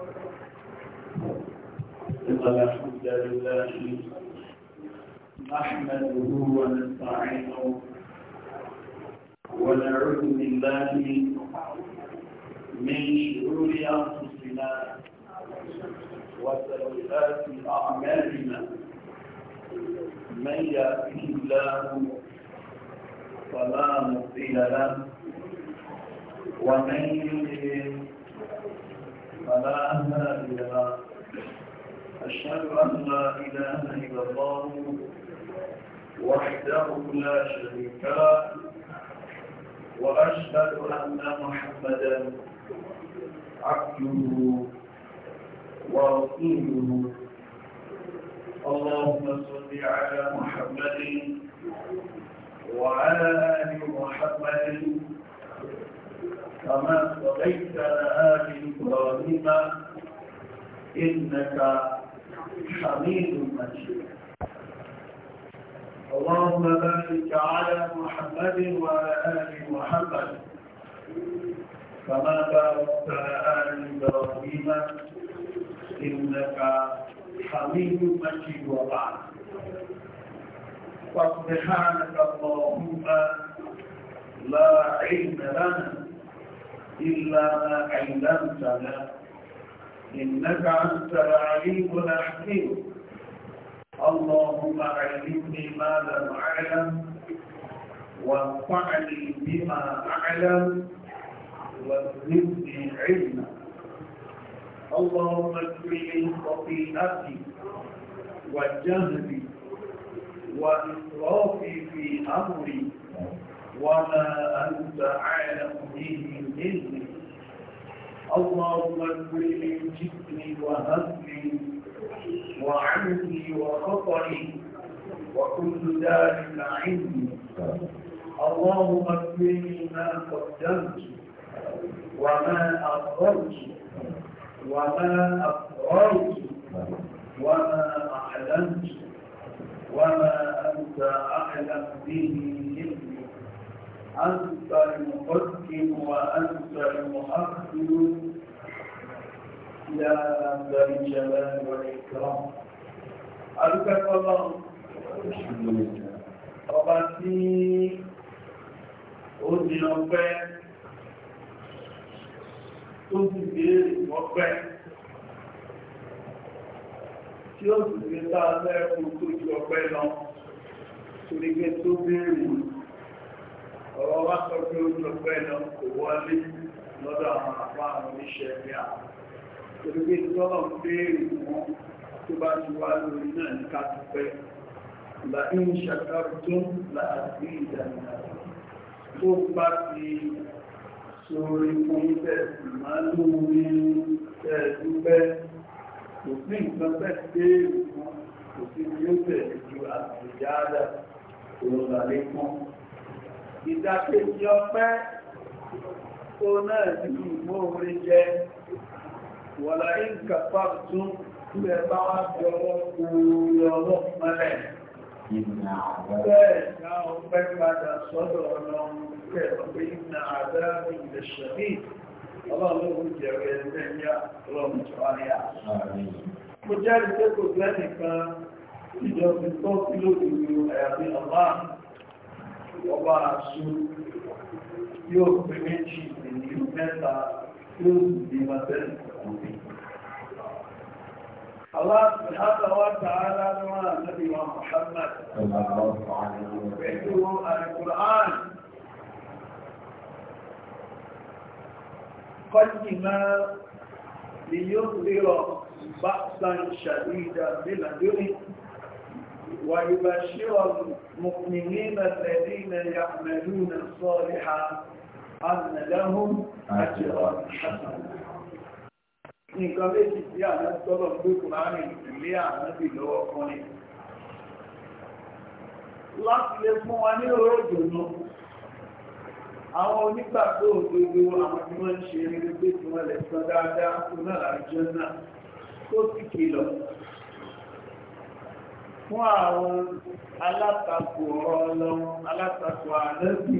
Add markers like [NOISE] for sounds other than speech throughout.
الحمد لله نحمده ونستعينه ونعوذ بالله من شرور انفسنا وسيئات اعمالنا من يأتيه الله فلا مضل له ومن يضلل فلا هادي له أشهد أن لا إله إلا الله وحده لا شريك له وأشهد أن محمدا عبده ورسوله اللهم صل على محمد وعلى آل محمد كما لها من إبراهيم إنك حميد مجيد اللهم بارك على محمد وعلى آل محمد كما باركت على آل إبراهيم إنك حميد مجيد وبعد فسبحانك اللهم لا علم لنا إلا ما علمتنا إنك أنت العليم الحكيم اللهم علمني ما لم أعلم وانفعني بما أعلم وزدني علما اللهم اكفني خطيئتي وجهلي وإسرافي في أمري وما أنت أعلم به إذني اللهم اغفر لي جسمي وهمي وعملي وخطري وكل ذلك عندي اللهم اغفر لي ما قدمت وما أخرت وما أخرت وما أعلنت وما أنت أعلم به مني أنت المقدم وأنت المؤخر يا ذا الجلال والإكرام أرجوك الله ọba tí ó ní ọpẹ́ tó sì béèrè ọpẹ́ tí ó sì gbé sáà lẹ́ẹ̀kùn tó ju ọpẹ́ lọ torí pé tó béèrè ọ̀rọ̀ wá sọ pé ó ń lọ pẹ́ lọ kò wọlé lọ́dọ̀ àwọn àpá àwọn oníṣẹ́ ẹ̀mí àwọn torí pé tọ́lọ̀ ń béèrè wọn tó bá ti wá lórí náà ní ká ti pẹ́ la ń ṣàkárù tó la àti ìdàmìnà tó bá ti sórí fún tẹ̀sí máa lórí tẹ̀dúpẹ́ kò sí nǹkan fẹ́ béèrè wọn kò sí ó tẹ̀lé ju àtìjáàdà òun làlékún ìdàkejì ọpẹ́ tó náà ní ìmú orin jẹ wọ̀lá ìkàpá tún ilẹ̀ bá wá jọ ọkùnrin ọlọ́pùn mẹ́lẹ̀ bẹ́ẹ̀ ká ọpẹ́ padà sọ́dọ̀ ọlọ́run kẹ́ẹ̀kọ́ ìnà àdáàbì ilẹ̀ ṣẹ̀mí ọlọ́run jẹ̀rẹ̀ ẹ̀mẹ́yà ọlọ́run jọ àríyà mo jẹ́rìí pé kò gbẹ́nìkan ìjọ ọba àṣù yóò pè méjì ènìyàn mẹ́ta yóò sì di mọ́tẹ́lì ọ̀gbìn. Allah subhanahu wa ta'ala lọ́wọ́ àtàbí wa Muhammad pẹ̀lú al-Qur'an kọ́jìmá ni yóò rí rọ̀ bá sáà ń ṣàrí ìdá ويبشر المؤمنين الذين يعملون الصالحة أن لهم أجرا حسنا نقابل سيانا صدق بكران اللي عمدي لو أخوني لكن لسمواني رجل àwọn onígbà tó òjòjò àwọn tí wọ́n ń ṣe ní pé tí fún àwọn alátakò ọ̀rọ̀ ọlọ́run alátakò àdẹ́sì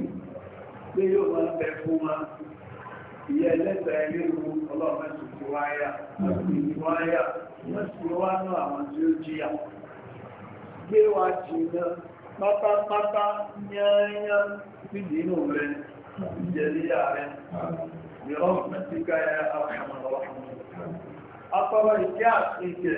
pé yóò máa bẹ fún wa ìyẹ́ ẹlẹ́sẹ̀ nínú ọlọ́run ti wáyà àti ìwáyà wọ́n sì wá náà àwọn tí ó jìyà gbé wa jìnnà pátápátá yányá síbi inú rẹ̀ ìjẹ̀líyà rẹ̀ ìrọ̀ mẹ́tíkà ẹ̀ àwọn ọ̀rọ̀ apọ̀lọ̀ ìkẹ́ àti ìkẹ́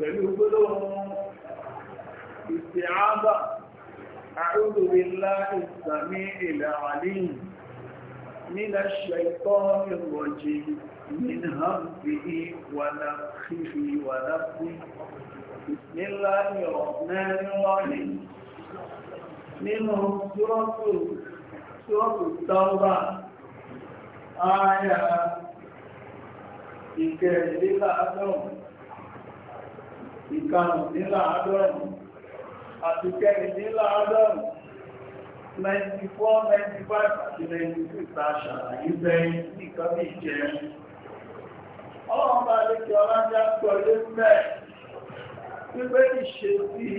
pẹ̀lú gbólóhùn ìsìábà أعوذ بالله السميع العليم من الشيطان الرجيم من همزه ونفخه ونفخه بسم الله الرحمن الرحيم منه سورة سورة التوبة آية ìkẹrìnlélàádọ́rùn ìkarùn-ún-níláàádọ́rùn-ún àti kẹrìndínláàádọ́rùn 94, 95 àti 96 ta ṣàlàyé bẹ́yìn nìkan bí jẹ́ ọlọ́run bá lè kí ọlájá pọ̀ lé mẹ́ wípé ìṣe sí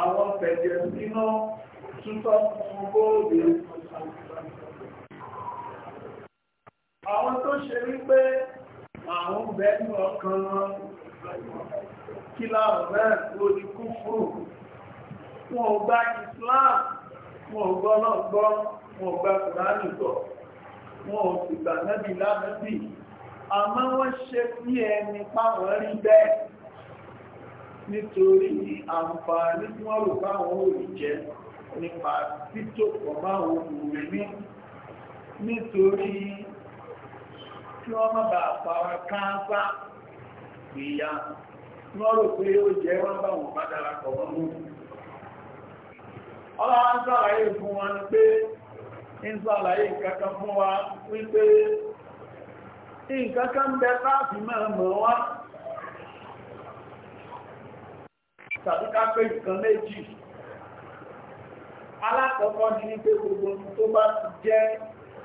àwọn pẹ̀jẹ̀ sínú tútọ́ fún góòlù àwọn tó ṣe wípé àwọn bẹ́ẹ̀ ní ọkàn wọn kí láwọn náà ló ní kú fún wọn ò gba Islam wọn ò gbọ́ náà gbọ́ wọn ò gba Kùránì gbọ́ wọn ò sì gbà nábì lánàbì àmọ́ wọ́n ṣe bí ẹni páwọn rí bẹ́ẹ̀ nítorí àǹfààní tí wọ́n rò fáwọn òrì jẹ́ nípa títò pọ̀ máwọn òrì ní nítorí kí wọ́n má bàa fara káńsá ìyá nọrụ rò pé ó jẹ́ wọ́n bá wọn bá darapọ̀ wọn mú fún wọn pé ń sàlàyé kankan fún wa wípé nǹkankan bẹ káàfì máa mọ̀ wá tàbí pé méjì alákọ̀ọ́kọ́ ni pé gbogbo tó bá jẹ́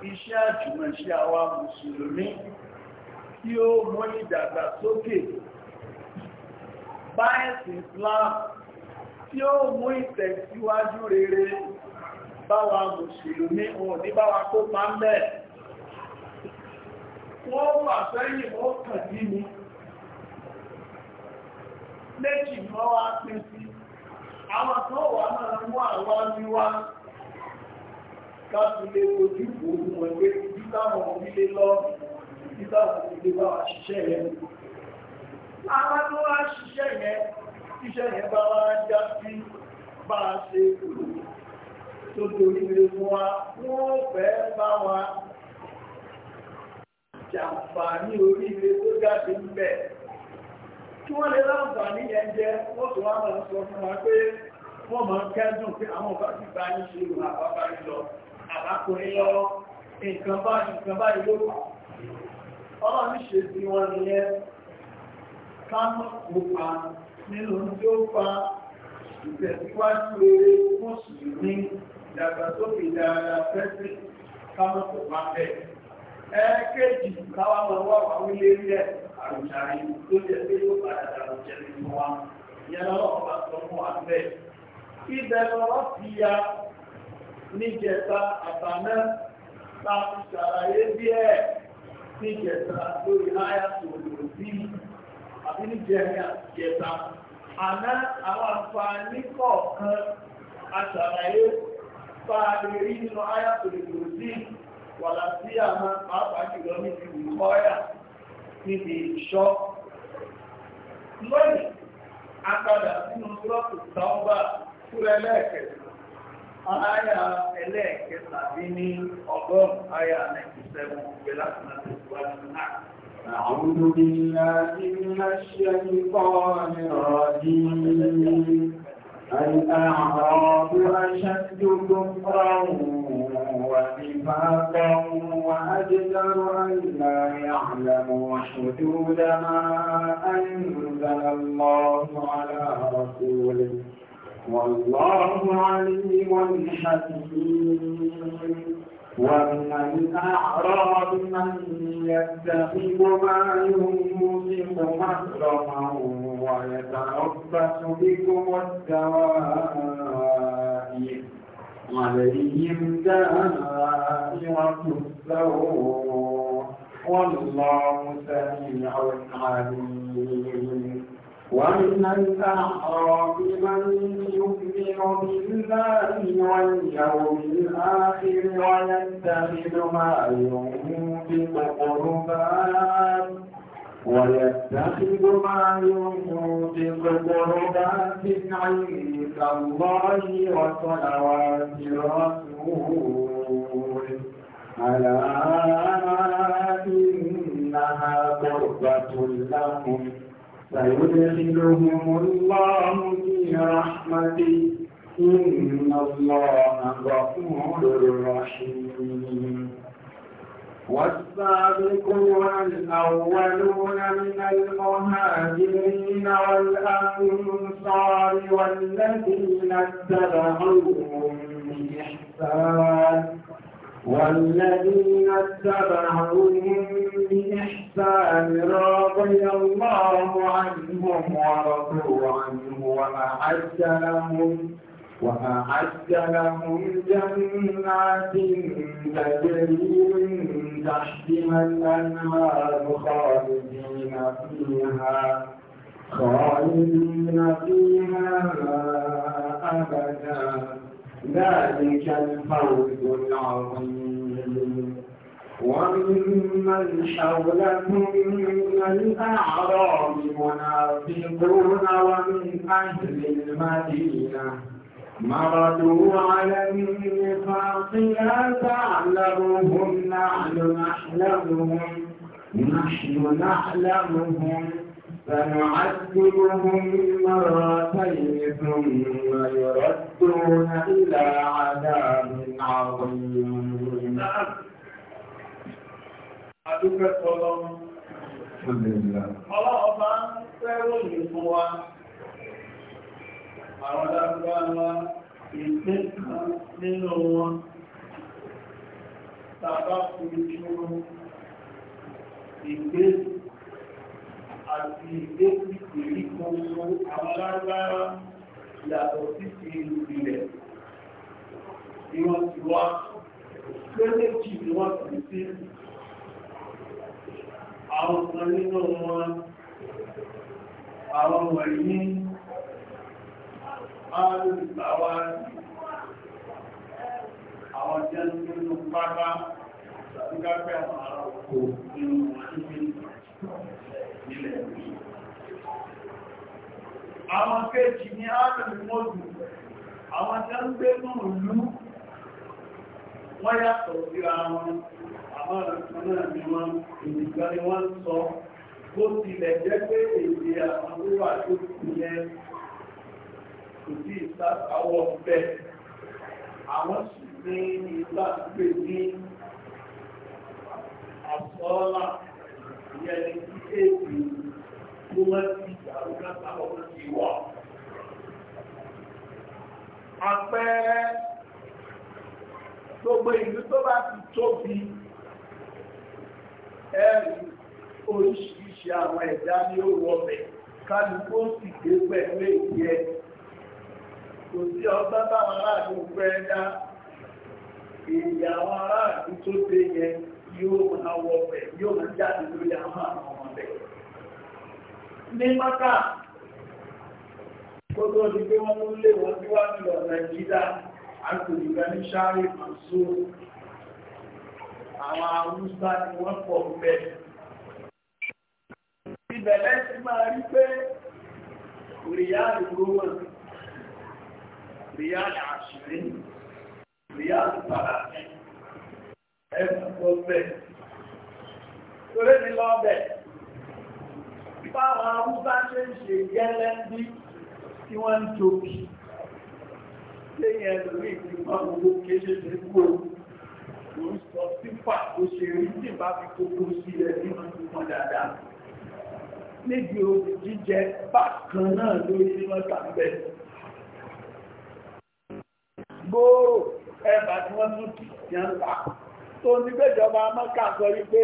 iṣẹ́ àwa mùsùlùmí tí ó mú ìdàgbàsókè bá ẹ̀sìn Islam tí ó mú ìtẹ̀síwájú rere báwa mùsùlùmí wọn ní báwa kó máa ń bẹ̀. wọ́n wà sẹ́yìn ó kàn dí ni méjì ni wọ́n wá pín sí àwọn tó wà náà mú àwọn wíwá káfílẹ̀ ojú òun wọ̀nyẹ́ ojú táwọn òbí lé lọ́rùn títà tó wá ṣiṣẹ́ yẹn ṣiṣẹ́ yẹn bá wá já sí bá a ṣe kúrò tó torí lè fún wa wọ́n fẹ́ bá wa jàǹfààní oríire tó jáde ń bẹ̀ kí wọ́n lè láǹfààní yẹn jẹ́ wọ́n tó wá máa sọ fún wa pé wọ́n máa kẹ́dùn pé àwọn ọba ti bá ní ṣe ìwà àbábáyé lọ àbákùnrin lọ nǹkan báyìí nǹkan ọlọ́run ṣe sí wọn nìyẹn ká mọ̀ kó pa nínú tí ó fa ìtẹ̀síwájú eré mùsùlùmí ìdàgbàsókè dáadáa fẹ́sí ká mọ̀ kó pa bẹ́ẹ̀. ẹ̀ẹ́kẹ́jì káwá mọ̀ wá wà wílé rí ẹ̀ àrùjáre tó jẹ́ pé ó padà dàrùjẹ́ nínú wa ìyẹn lọ́wọ́ bá sọ fún wa bẹ́ẹ̀. ibẹ̀ lọ́wọ́ ti ya níjẹta àtàná ta ti ṣàlàyé díẹ̀ ní ìjẹta lórí àyà tòlò sí àbí ní ìjẹta àná àwọn àǹfààní kọ̀ọ̀kan aṣàlàyé fáàrí rí nínú àyà tòlò sí wà láti àmà pàápàá jùlọ níbi ìkọ́yà níbi ìṣọ́ lónìí agbada nínú rọ́pù tàwọn bá fúrẹ́lẹ́ẹ̀kẹ̀ẹ́ Àyà ẹlẹ́ẹ̀kẹta bí ní ọgọ́rùn-ún àyà 97 pẹ̀lú àti náà tẹ̀síwájú náà. أعوذ بالله من الشيطان الرجيم الأعراض أشد كفرا ونفاقا وأجدر أن لا يعلموا حدود ما أنزل الله على رسوله والله عليم حكيم ومن الأعراب من يتخذ ما ينفق مهرما ويتربص بكم الدوائر عليهم دائرة السوء والله سميع عليم ومن الأعراب من يؤمن بالله واليوم الآخر ويتخذ ما ينفق قربات ويتخذ ما ينفق قربات عند الله وصلوات الرسول ألا إنها قربة لهم سيدخلهم الله في رحمته إن الله غفور رحيم والسابقون الأولون من المهاجرين والأنصار والذين اتبعوهم بإحسان والذين اتبعوهم بإحسان رضي الله عنهم ورضوا عنه وأعد لهم وأعد لهم جنات تجري من تحتها الأنهار خالدين فيها خالدين فيها أبدا ذلك الفوز العظيم وممن حولكم من الأعراب منافقون ومن أهل المدينة مردوا على النفاق لا تعلمهم نحن نحلمهم نحن نعلمهم فنعذبهم مرتين ثم يردون إلى عذاب عظيم Adúgbẹ́ tọ́lọ́run. Ọlọ́run bá ń fẹ́rò yìí fún wa. Àwọn dágbàwà ìpín kan nínú wọn. Tàbá fún ìṣòro ìgbésí àti ìgbésí ìríkò àwọn lágbára yàtọ̀ sí ti ìlú ilẹ̀ ìwọ̀n ti wá lóléjì ni wọ́n ti sí àwọn kan nínú wọn àwọn wọ̀nyí alùpàwà àwọn jẹ́ nínú pápá tàbí kápẹ́ àwọn ará òkú nínú wọn ní ìpìlẹ̀ àwọn kéèkì ní ààrùn mọ́dù àwọn tí ń gbé mọ́ ìlú wọ́n yàtọ̀ sí àwọn àwọn ìrìnà ni wọ́n ìdìgbà ni wọ́n sọ bó tilẹ̀ jẹ́ pé èdè àwọn tó wà tó kù yẹ kò sí ìsáàwọ̀ bẹ́ẹ̀ àwọn sì ní ìsáàpè ní àsọ́ọ́lá ìyẹn kéèkì ló mọ́ gbogbo ìlú tó bá ti tóbi ẹ̀rù àwọn ẹ̀dá ní ó sì gbé pẹ̀lú ẹ̀. Kò sí aráàlú àwọn aráàlú tó yóò máa yóò máa jáde lórí àwọn bẹ̀. ní mọ́tà kó tó di pé wọ́n mú lé wọn tí wọ́n lọ nàìjíríà àtòlùgbà ní sáré màṣó àwọn haúsá ni wọ́n pọ̀ bẹ́ẹ̀. ibẹ̀ lẹ́sìn máa rí pé ríyáàlì gómà ríyáàlì àṣírí ríyáàlì pàràmì ẹ̀fọ́ bẹ́ẹ̀. torí mi lọ bẹ́ẹ̀ báwọn arúgbá ṣe ń ṣe gẹ́lẹ́ bí tí wọ́n ń tóbi lẹ́yìn ẹlòmí ìpínlẹ̀ gbogbo kéṣe ṣe ló ń sọ sípà tó ṣe rí tí bá fi kókó sí ẹ nínú ìpínlẹ̀ dáadáa níbi òbí jíjẹ bákan náà lórí nínú ìpàgbẹ́ gbòòrò ẹ̀bà tí wọ́n tún kì í ń ta tó ní gbẹ́jọba mọ́kà sọ wípé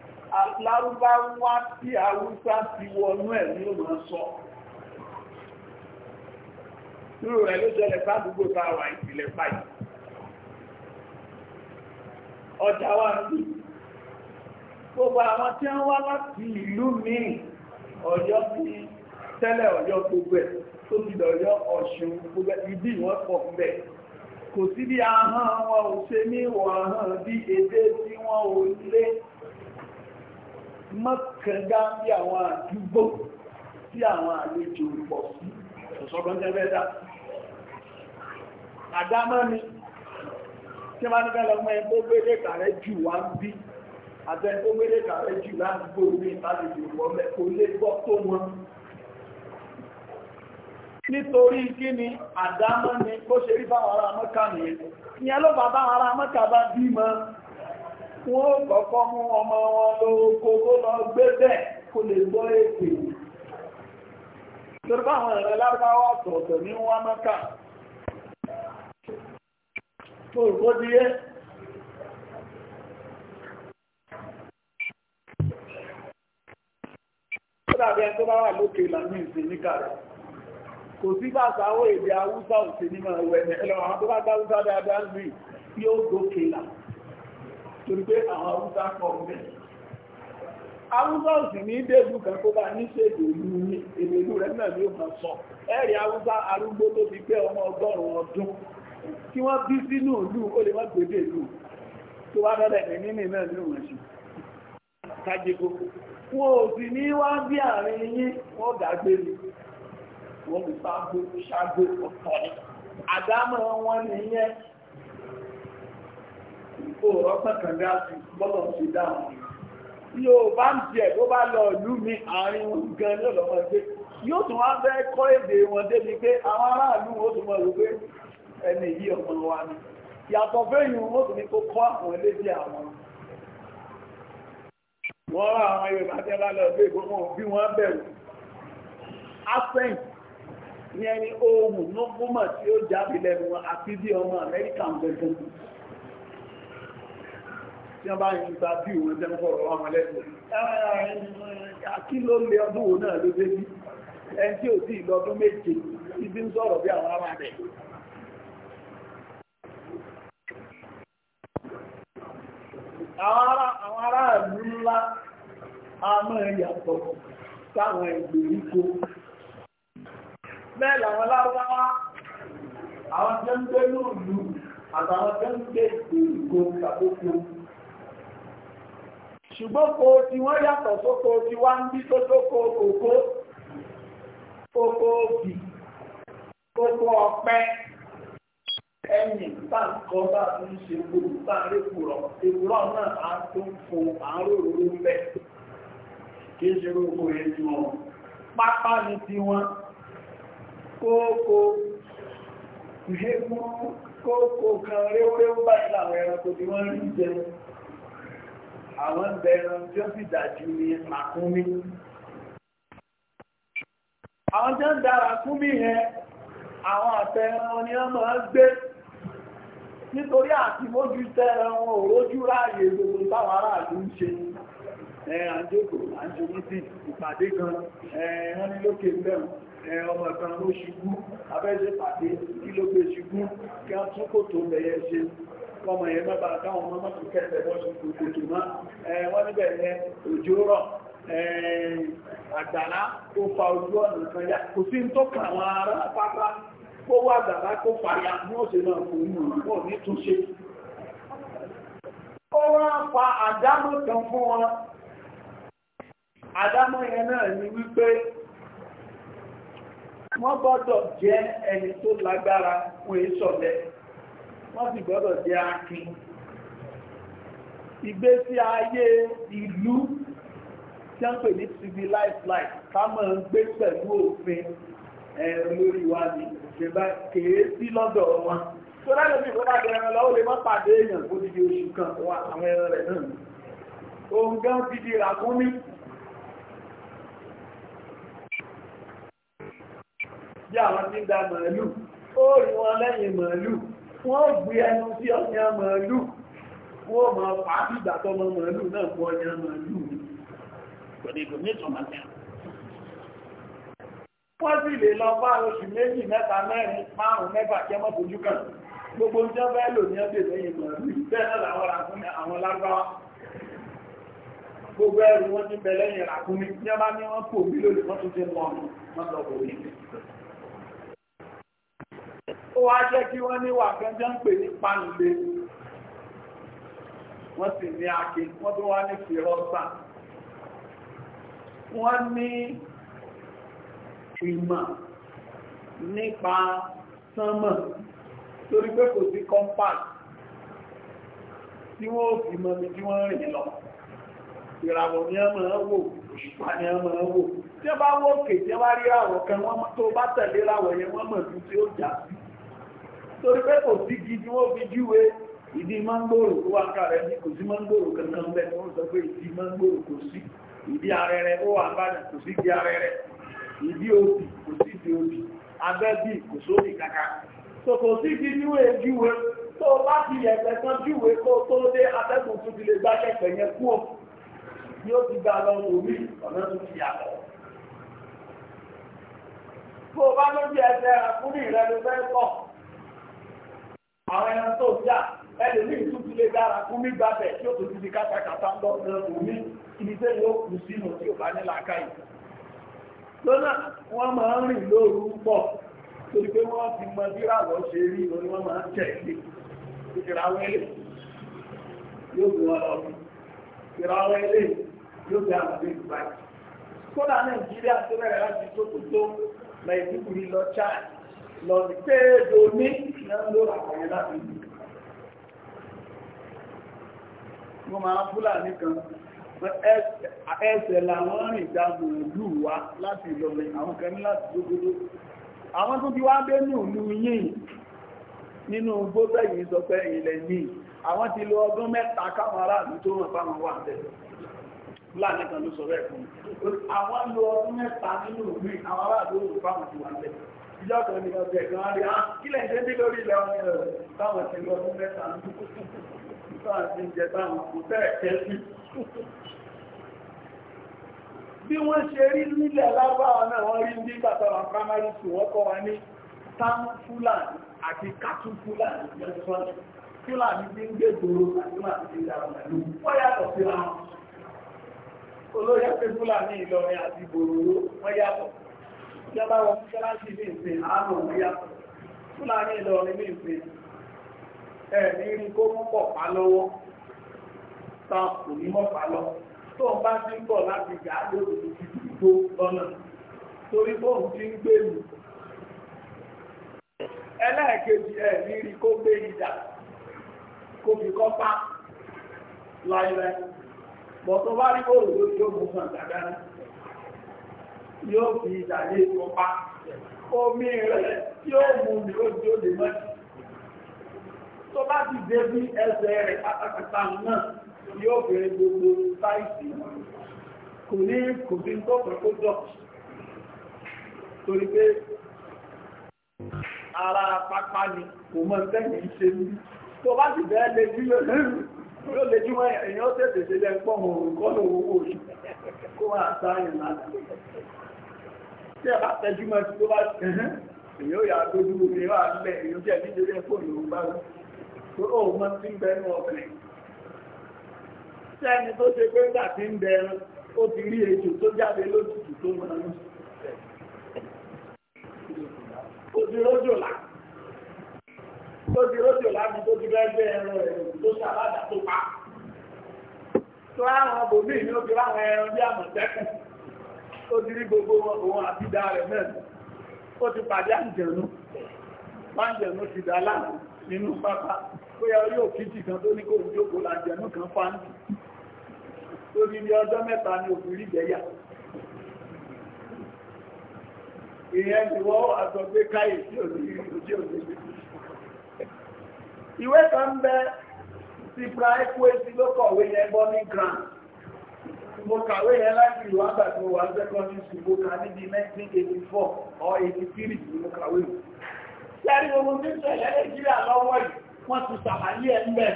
lárúbáwá tí haúsá ti wọnú ẹ̀ ní ó máa sọ nínú rẹ̀ ló ṣẹlẹ̀ sádùúgbò tá a wà ìpìlẹ̀ báyìí ọjà wa ní gbogbo àwọn tí wọ́n wá láti ìlú míì ọ̀yọ́ ti tẹ́lẹ̀ ọ̀yọ́ gbogbo ẹ̀ tó ti lọ̀yọ́ ọ̀ṣun gbogbo ìdí ìwọ́n pọ̀ bẹ́ẹ̀ kò sí bí ahọ́n wọn ò ṣe ní ìwọ̀ ahọ́n bí èdè tí wọ́n ò lé mọ́kànlá bí àwọn àdúgbò tí àwọn àlejò pọ̀ sí ọ̀sọ́gbọ́n tẹ́fẹ́dá àdámọ́ ni tí wọ́n ní fẹ́lẹ̀ ọmọ ẹgbẹ́ gbélé kàrẹ́ jù wá ń bí àtẹ́gbẹ́ gbélé kàrẹ́ jù láàgbò ní ìtàlejò pọ̀ mẹ́ kò lè gbọ́ ni ni kó ṣe rí báwọn ará mọ́kà nìyẹn wọ́n kọ́kọ́ mú ọmọ wọn lọ oko kó lọ gbé bẹ́ẹ̀ kó lè gbọ́ èdè torí báwọn ẹ̀rọ lárúbáwá ọ̀tọ̀ọ̀tọ̀ ní wọn mọ́kà olùkó díẹ̀ ó dàbí ẹni tó bá wà lókè ìlànà ìsìn ní kàrẹ̀ kò sí bàtà owó èdè haúsá òsè ní mọ̀ ẹ̀wẹ̀ ẹ̀lọ́wọ̀n tó bá gbá haúsá dáadáa ń rí yóò gòkè ìlànà torí pé àwọn haúsá pọ̀ mẹ́ haúsá ò sì ní débù kan kó bá níṣèlú ìlú ní èlèlú rẹ̀ náà ni ó sọ ẹ̀rí haúsá arúgbó tó ti pé ọmọ ọgọ́rùn-ún ọdún tí wọ́n bí sínú ìlú ó lè má gbèdé ìlú tó wá dọ́dẹ̀ ní nínú náà ní òun ẹ̀sìn kájego wọn ò sì ní wá bí àárín ni wọ́n gbó ọ̀tọ̀ ni àdámọ̀ kò rọ́pẹ́ kan dá sí bọ́lọ̀ sí dáhùn yóò bá ń jẹ́ tó bá lọ ìlú mi àárín wọn gan ní ọ̀lọ́mọ pé yóò tún wá fẹ́ kọ́ èdè wọn débi pé àwọn aráàlú wọn ó tún mọ̀ wípé ẹni yìí ọmọ wa ni yàtọ̀ fẹ́yìn wọn ó tún ní kó kọ́ àwọn eléjì àwọn wọ́n rá àwọn Yorùbá tẹ́ bá lọ sí ìgbóhùn bí wọ́n bẹ̀rù accent ní ẹni ohun nọ́gbọ́mọ̀ tí ó jáde lẹ́nu àti bí ọmọ Amẹ́ríkà ń bẹ̀rù tí wọ́n bá ń ta bí òun tẹ́ ń fọ̀rọ̀ ọmọ lẹ́sìn kí ló ọdún òun náà ló dé bí ẹni tí ò sí ìlọdún ibi ń sọ̀rọ̀ bí àwọn ará rẹ̀ àwọn ará ìlú ńlá a máa yàtọ̀ sáwọn ìgbèríko bẹ́ẹ̀ làwọn àwọn ń gbé ní ṣùgbọ́n kò tí wọ́n yàtọ̀ sóko tí wá ń bí tó sóko kòkó kòkó òbí kòkó ọ̀pẹ ẹ̀yìn táǹkọ́ bá ti ń ṣe gbogbo táǹrí kùrọ̀ èkùrọ̀ náà á tó ń fo àárò òru bẹ̀ kí ṣe gbogbo ètò ọ̀hún pápá ni tiwọn kókó ìṣègùn kókó kan réwéwé báyìí làwọn ẹranko tí wọ́n rí jẹun àwọn ń bẹ ẹran tí ó sì dájú ní ràkúnmí àwọn tí ó ń da ràkúnmí yẹn àwọn àtẹran ni wọ́n máa ń gbé nítorí àti mójú tẹ́ran wọn ò rójú ráàyè gbogbo táwọn aráàlú ń ṣe ẹ̀rìn àjókò àjókòtì ìpàdé kan ẹ̀rìn ní lókè mẹ́rù ọmọ ìkan ló ṣubú abẹ́ṣẹ́ pàdé kí ló gbé ṣubú kí á tún kò tó bẹ̀yẹ ṣe ọmọ yẹn mẹ́bà káwọn ọmọ mọ́tò kẹsẹ̀ bọ́ sí kòtò mọ́ wọ́n níbẹ̀ yẹn òjò rọ̀ àgbàrá tó fa ojú ọ̀nà kan yá kò sí tó kà àwọn ará pápá kó wá àgbàrá kó fàyà ní ọ̀sẹ̀ náà kò mú wọn ní túnṣe. ó wá fa àdámọ́ kan fún wọn àdámọ́ yẹn náà ni wípé wọ́n gbọ́dọ̀ jẹ́ ẹni tó lágbára fún èso lẹ́yìn wọ́n sì gbọ́dọ̀ jẹ́ akin ìgbésí ayé ìlú tí wọ́n pè ní civilized life ká mọ̀ ń gbé pẹ̀lú òfin ẹ̀rọ lórí wa ni ìjọba kèé sí lọ́dọ̀ wọn tó láti fi ìfọ́dà ẹran lọ́wọ́ lè má pàdé èèyàn kó dìde oṣù kan wà àwọn ẹran rẹ̀ náà òun gan ti di ràkúnmí bí àwọn tí ń da màálù ó rí wọn lẹ́yìn màálù wọ́n gbé ẹnu sí ọ̀yà màálù wọ́n mọ̀ pàápí ìgbàtọ́ mọ̀ màálù náà gbọ́ ọ̀yà màálù wọ́n sì lè lọ bá oṣù méjì mẹ́ta mẹ́rin márùn mẹ́fà kí ọmọ fojú kan gbogbo ń jẹ́ bẹ́ẹ̀ lò ní ọdẹ lẹ́yìn màálù bẹ́ẹ̀ náà làwọn ràkúnmí àwọn lágbáwá gbogbo ẹrù wọn ti bẹ lẹ́yìn ràkúnmí ní ọba ní wọ́n pò mí lónìí wọ́n tún ti lọ́nà wọ́n lọ bò ní ó wá jẹ́ kí wọ́n níwà gẹ́gẹ́ ń pè ní pàǹdé wọ́n sì ní ake wọ́n tó wá ní fìrọ́sà wọ́n ní ìmọ̀ nípa sánmọ̀ torí pé kò sí compass tí wọ́n fi mọ̀ tí wọ́n rìn lọ ìràwọ̀ ni a máa wò òṣùpá ni a máa wò tí a bá wò kè tí a bá rí àwọ̀ kan wọ́n tó bá tẹ̀lé ráwọ̀ yẹn wọ́n mọ̀ tí ó já sí torí pé kò sí gidi wọ́n fi júwe ìdí mángòrò tó wà kára ẹni kò sí mángòrò kankan bẹ́ẹ̀ wọ́n sọ pé ìdí mángòrò kò sí ìdí arẹrẹ ó wà bá kò sí ìdí arẹrẹ ìdí òbí kò sí ìdí òbí abẹ́bí kò sóbì kàkà tó kò sí ìdí ní òye júwe tó bá ti yẹ̀pẹ̀ kan júwe kó tó dé atẹ́gùn tó ti lè gbá yẹ̀pẹ̀ yẹn kú ò ní ó ti gbà lọ òmí ọ̀nà tó ti yàtọ̀ tó bá lójú ẹsẹ̀ àkúrì rẹ ló àwọn ẹran tó jà ẹlòmí ìtútù lè dára kú mí gbàbẹ̀ tí ó tó ti di kátàkátà ń bọ́ ẹran òní ibi tẹ́ yóò kù sínú tí ò bá ní làákàyè lọ́nà wọ́n máa ń rìn lóru pọ̀ torí pé wọ́n ti mọ bíràwọ̀ ṣe rí lórí wọ́n máa ń tẹ̀ sí ìràwẹ́lẹ̀ yóò bí wọn lọ bí ìràwẹ́lẹ̀ yóò bí àwọn ọdún ìgbà kódà Nàìjíríà tó lọ́dí téèdò ní lọ́dọ̀ àpẹẹrẹ láti ìlú. máa ń Fúlàní kan, ẹsẹ̀ làwọn rìn ìdámù ìlú wa láti Ìlọrin, àwọn kan láti gbogbo. Àwọn tó ti wá dé ní ìlú yìí nínú gbogbo yìí sọ pé ilẹ̀ yìí, àwọn ti lo ọdún mẹ́ta káwọn aráàlú tó ràn fáwọn wà tẹ̀lẹ̀. Fúlàní kan ló sọ bẹ́ẹ̀ fún mi. Àwọn lo ọdún mẹ́ta nínú ìlú àwọn aráàlú ò fáwọn ti ìjọ́kọ̀ ah, ní ọjọ́ ẹ̀kan rí á kílẹ̀ ṣe ń dí lórí ilẹ̀ ọmọ ẹ̀rọ táwọn ti lọ fún mẹ́ta ń táwọn ti ń jẹ táwọn kò fẹ́ẹ̀ kẹ́ sí bí wọ́n ṣe rí nílẹ̀ lágbàá náà wọ́n rí ní bàtàwà primary school wọ́n kọ́ wa ní tam fulani àti katu fulani lọ́sọ́sọ́ fulani ti ń gbé gbòòrò àti láti fi dára pẹ̀lú wọ́n yàtọ̀ síra wọn olóyè pé fulani Ìlọrin àti gbòòrò wọ́n yàtọ̀ jọba wọn mọ́ṣáláṣí ní ìpín àánú òwúyá fúlàní ìlọrin ní ìpín ẹ̀ ní kó mú pa lọ́wọ́ ta kò ní mọ́ pa lọ tó ń bá ti ń bọ̀ láti á lọ́nà torí ti ń ẹlẹ́ẹ̀kejì ní kó gbé ìjà kó yóò fi ìdàlé ìkọpa omi rẹ̀ tí ó mú ní ojú ó lè mọ́jú tó bá ti dé bí ẹsẹ̀ rẹ̀ pátápátá náà yóò bẹ̀rẹ̀ gbogbo sáìsì kò ní kò sí tó pẹ̀kọ́ jọ torí pé ara pápá ni kò mọ́ tẹ́yìn ṣe ní tó bá ti bẹ́ẹ̀ lè jú yóò lè jú èèyàn tètè ṣe lẹ́pọ̀ òun kọ́ lòun wò yìí kó wà sáyìn láti tí ẹ bá tẹjú mọ́ tí ó bá tẹ̀hán èyí ó yà á tójú omi wà lẹ̀ èyí ó jẹ́ nítorí ẹ̀fọ́ ìlú bá wọ́n tó ó mọ́ tí ń bẹnu ọ̀bẹ̀rẹ̀ sẹ́ni tó ṣe pé nígbà tí ń bẹ̀rẹ̀ ó ti rí ejò tó jáde lójijì tó mọ́ ọ́n ó ti rójò là tó ti rójò láti tó ti bẹ́ẹ̀ bẹ́ẹ̀ ẹran ẹ̀rọ tó ṣàlàdà tó pa tó àwọn bòmíì ni ó ti ráwọn ẹran bí àmọ̀tẹ́kùn ó ti rí gbogbo òun àti ìdá rẹ̀ mẹ́rin ó ti pàdé àjẹ̀nú pàjẹ̀nú ti dá láàrín nínú pápá bóyá orí òkìtì kan tó ní kò ń jókòó làjẹ̀nú kan fáńtì tó ní ní ọjọ́ mẹ́ta ni òfin ìjẹyà ìyẹn ni wọ́n àgbọ̀gbé káyè sí òjì òjì ìwé kan bẹ ti pra ẹkú èsì ló kọ̀wé yẹn bọ́ ní grand mo kàwé yẹn láti ìlú àgbà tó wà secondary school mo kà níbi 1984 or 83 mo kàwé o. sẹ́rí ohun tí ń ṣẹlẹ̀ nàìjíríà lọ́wọ́ yìí wọ́n ti sàlàyé ẹ̀ ń bẹ̀.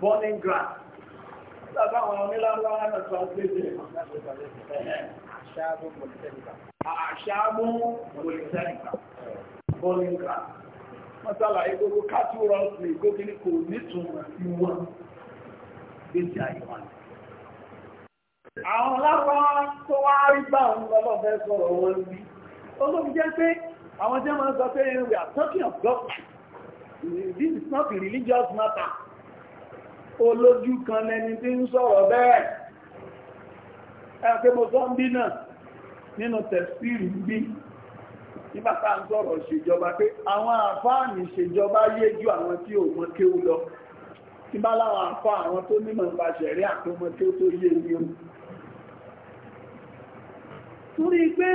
burning grass. sábà àwọn oníláwọ́ náà tó ń pèsè. àṣàbò mọ̀lẹ́tẹ́nìkà. àṣàbò mọ̀lẹ́tẹ́nìkà. burning grass. wọ́n sàlàyé gbogbo cattle rustling gbogbo ní kò nítumọ̀ ìwọ̀n. Gbèsè àyè wọn àwọn lápáwá tó wá rí gbà ń lọ́lọ́ fẹ́ sọ̀rọ̀ wọn rí olóbi jẹ́ pé àwọn jẹ́ máa ń sọ pé we are talking of God this is not a religious matter olójú kan lẹni tí ń sọ̀rọ̀ bẹ́ẹ̀ ẹ̀kẹ́ mo sọ ń bí náà nínú tẹ̀síìrì ń bí nígbà tá à ń sọ̀rọ̀ ìṣèjọba pé àwọn àfáàní ìṣèjọba yé ju àwọn tí ò mọ̀ kéwú lọ tí bá láwọn àfáà àwọn tó nímọ̀ nípa ṣẹ̀rí àtọmọ tí ó tó yé ní ohun torí pé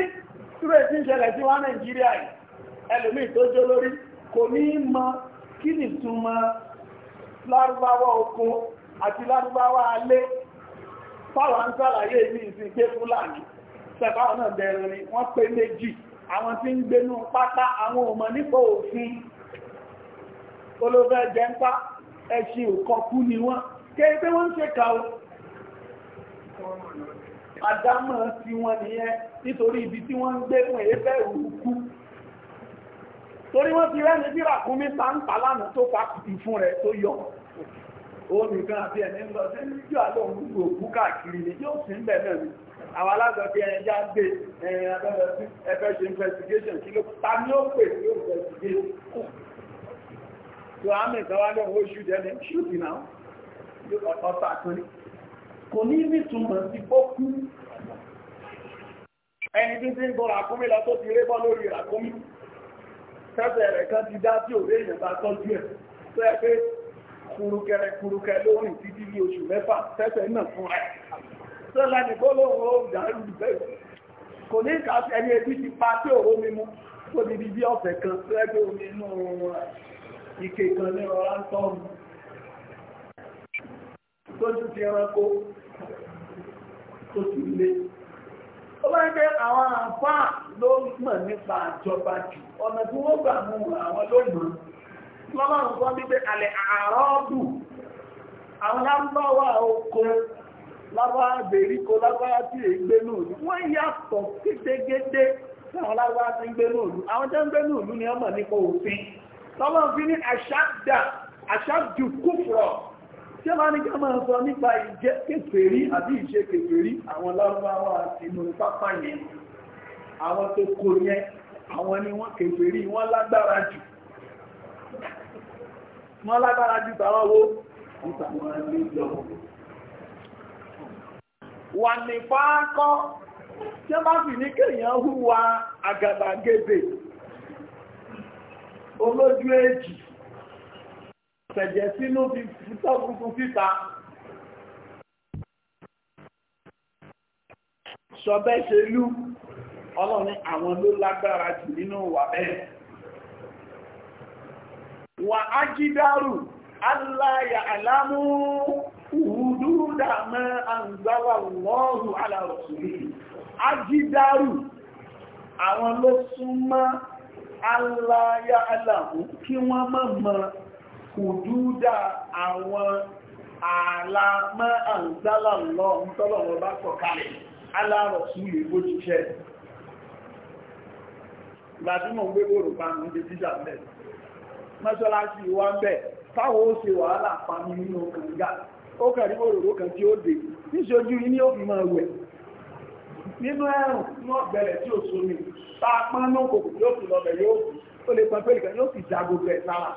tíwẹ̀ tí ń ṣẹlẹ̀ sí wá nàìjíríà yìí ẹlòmíì tó jó lórí kò ní mọ kí ni túmọ̀ lárúbáwá oko àti lárúbáwá alé fáwọn ń sàlàyé ní ìsìn pé fúlàní sẹ̀fáwọn náà bẹ̀rẹ̀ ni wọ́n pé méjì àwọn tí ń gbénú pátá àwọn ọmọ nípa òfin olófẹ́ jẹ́ńpá ẹ̀ṣin òkọkú ni wọ́n kéèké wọ́n ń ṣe kàó àdámọ̀ tí wọ́n nìyẹn nítorí ibi tí wọ́n ń gbé fún èyí bẹ̀rù kú torí wọ́n ti rẹ́ni bí ràkúnmí ta ń pa lánàá tó pa kùtì fún rẹ̀ tó yọ òun nìkan àti ẹ̀mí ń lọ sí níjọ́ àlọ́ òun gbò kú káàkiri ni yóò sì ń bẹ̀ náà ni àwọn alágbàtí ẹja gbé ẹgbẹ́ ṣe investigation kí ló ta ní ó pè sí investigation tó àmì ìtawálẹ̀ owó ṣùdẹ́ni ṣùdì náà ọ̀tà kan ní kò ní nítumọ̀ sí pókú ẹni tí tí ń gọ́ ràkúnmí lọ tó ti rébọ́ lórí ràkúnmí tẹ́sẹ̀ rẹ̀ kan ti dá tí òwe èèyàn bá tọ́jú ẹ̀ tó ẹ pé kùrùkẹrẹ kùrùkẹ lórin títí bí oṣù mẹ́fà tẹ́sẹ̀ náà fún ẹ̀ tó lẹ́ni kó lóhun ó dàrú bẹ́ẹ̀ kò ní ká ẹni ebi ti pa tí òwe mímú tó di bí ọ̀sẹ̀ kan tó ẹ pé omi inú ike kan ní ọ̀rá ń tọ́nu tójú ti ẹranko tó lé ó bá ń gbé àwọn mọ̀ nípa àjọba jù ọ̀nà tí wọ́n gbà mú àwọn wípé alẹ́ àárọ́dù àwọn lábáwá oko lábá lábá wọ́n yàtọ̀ láwọn lábá àwọn ń gbé ni nípa òfin tí a máa ní ká máa sọ nípa ìjẹ́ kèfèrí àbí ìṣe kèfèrí àwọn lárúbáwá àti inú pápá yẹn àwọn tó kò yẹn àwọn ni wọ́n kèfèrí wọ́n lágbára jù wọ́n lágbára jù tàwọn wo ìtàwọn ilé ìjọba wà ní fáákọ́ tí a bá fi ní kéèyàn hùwà àgàbàgebè olójú èjì tẹ̀jẹ̀ sínú fi fútọ́ funfun síta. sọbẹ́ ṣe lú ọlọ́run ní àwọn ló lágbára jù nínú wà bẹ́ẹ̀. wà á jí dárù aláyà àlámú ìhùdúrúdà mọ́ àǹgbáwà lọ́rù alárọ̀sùlì. á jí dárù àwọn ló súnmọ́ aláyà àlámú kí wọ́n mọ̀ mọ́ hùdúdà àwọn àlàmọ́ àǹsálà lọ nítọ́lọ̀wọ́ bá sọ̀kalẹ̀ alárọ̀ sí ìwò jíṣẹ́ gbàdúmọ̀ gbé bòrò pa ní ibi jíjà mẹ́ mọ́ṣọ́láṣí wá ń bẹ̀ táwọn ó ṣe wàhálà pa ní nínú kànga ó kàrí bòrò kan tí ó dé níṣojú ní ó fi máa wẹ̀ nínú ẹ̀rùn ní ọ̀gbẹ̀rẹ̀ tí ó sómi tá a pán náà kòkòrò yóò fi lọ bẹ̀ yóò fi ó lè pọn pẹ́lú kan yóò fi jago bẹ̀ sára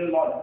ńlọrọ̀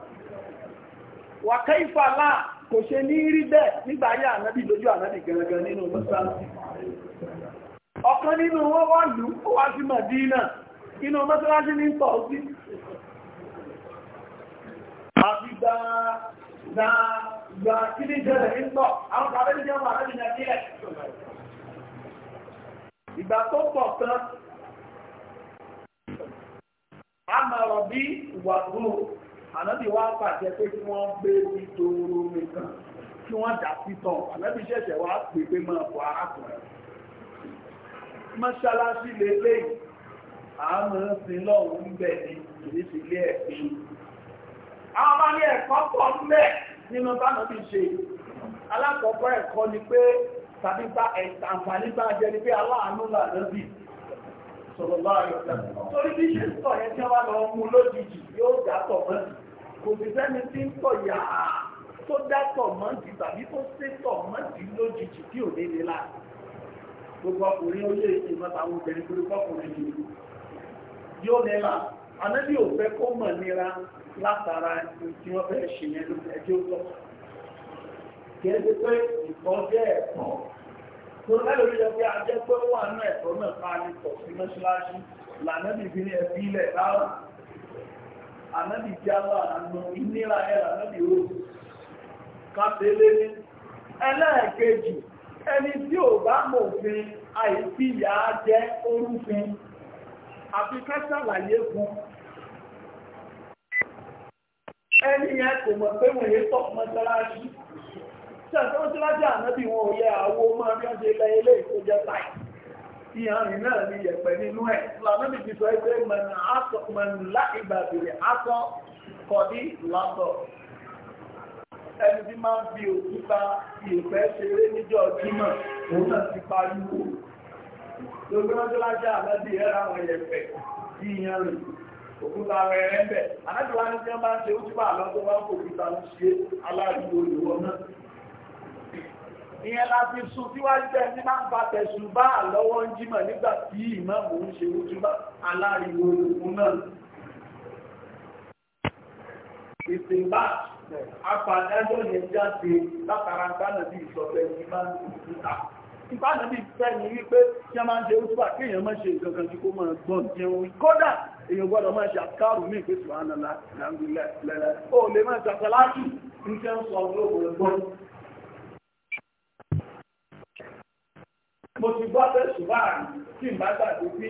Waka ìfàlà kò ṣe ní rí bẹ́ẹ̀ nígbà ànábì lójú ànábì gangan nínú mọ́sálásí ọ̀kan nínú wọn wá lù ó wá sí Mádínà inú mọ́sálásí ní tọ̀ sí àfìgbà kan. A ànábì wá pàṣẹ pé kí wọ́n gbé omi tóóró nìkan kí wọ́n dà sí tán ànábì ṣẹ̀ṣẹ̀ wá pè pé máa bọ̀ arákùnrin mọ́ṣáláṣí lélẹ́yìn àmọ́ sí lọ́wọ́ ń bẹ̀ ní ìrísílé ẹ̀pín àwọn bá ní ẹ̀kọ́ pọ̀ mẹ́ nínú bánà bí ṣe alákọ̀ọ́kọ́ ẹ̀kọ́ ni pé tàbí bá ẹ̀ǹfààní bá jẹ́ ni pé aláàánú lànà sọ̀rọ̀lá àyọ̀kẹ́. Torí bí ṣe ń tọ̀ yẹn tí wọ́n lọ mú lójijì yóò dátọ̀ mọ́ sí. Kò sì sẹ́ni tí ń tọ̀ yà á tó dátọ̀ mọ́ sí tàbí tó sétọ̀ mọ́ sí lójijì tí ò délé la. Gbogbo ọkùnrin ó lé èsì mọ́ta àwọn obìnrin torí kọ́kùnrin yìí. Yóò ní la, ànábì ò fẹ́ kó mọ̀ nira látara tí wọ́n fẹ́ ṣe yẹn pé ìtọ́jú ẹ̀kọ́ Torí lẹ́lòrí yẹ pé ajẹ́ pé ó wà náà ẹ̀tọ́ náà ká ní pọ̀ sí mọ́ṣáláṣí, lànàbì fi ní ẹbí ilẹ̀ rárá. Ànàbì jẹ́ àwọn àna ìnira ẹ̀ lànàbì ó kàtélé ní. Ẹlẹ́ẹ̀kejì, ẹni tí ò bá mọ̀ òfin àìsí ìyá jẹ́ orúfin, àfi ká ṣàlàyé fún ẹni yẹn kò mọ̀ pé wọ́n yé tọ̀ mọ́ṣáláṣí ṣẹ̀ṣẹ̀ ó ti lájẹ́ ànábì wọn ò yẹ àwo máa bí wọ́n ṣe lẹ ilé tó jẹ́ táì ìhànì náà ní yẹ̀pẹ̀ nínú ẹ̀ lànàbì ti sọ pé mọ̀nà ìgbàbìrì asọ kọ̀dí lọ́tọ̀ ẹni tí máa ń fi òkúta ìyẹ̀pẹ̀ ṣeré níjọ́ jímọ̀ òun náà ti pariwo lórí wọ́n ti lájẹ́ ànábì ẹ̀rọ àwọn yẹ̀pẹ̀ ìyànì òkúta rẹ̀ rẹ̀ bẹ̀ ànábì wa ní tí wọ́n bá ń ṣe ó ti bá tó bá ń fòkúta ń ṣe aláàdúgbò ìwọ náà ìyẹn láti sùn tí wá jẹ́ ní máa ń bá tẹ̀sùn bá lọ́wọ́ ń jímọ̀ nígbà tí ìmáàmù ń ṣe wújú bá aláriwo òkun náà ìsìnbá apàdájọ́ yẹn jáde látara tánàbí ìsọ̀fẹ́ ní máa ń kúta ìbánàbí fẹ́ ní wípé tí a máa ń ṣe wújú kí èèyàn máa ṣe ìjọkan tí kó máa gbọ́n jẹun kódà èèyàn gbọ́dọ̀ máa ṣe àkárù mí ìpèsè wàhánà láńgbìlẹ̀ lẹ́lẹ́ ó lè máa ṣàkọlá mo ti gbọ́ pé ṣùgbọ́n tí n bá gbàgbé pé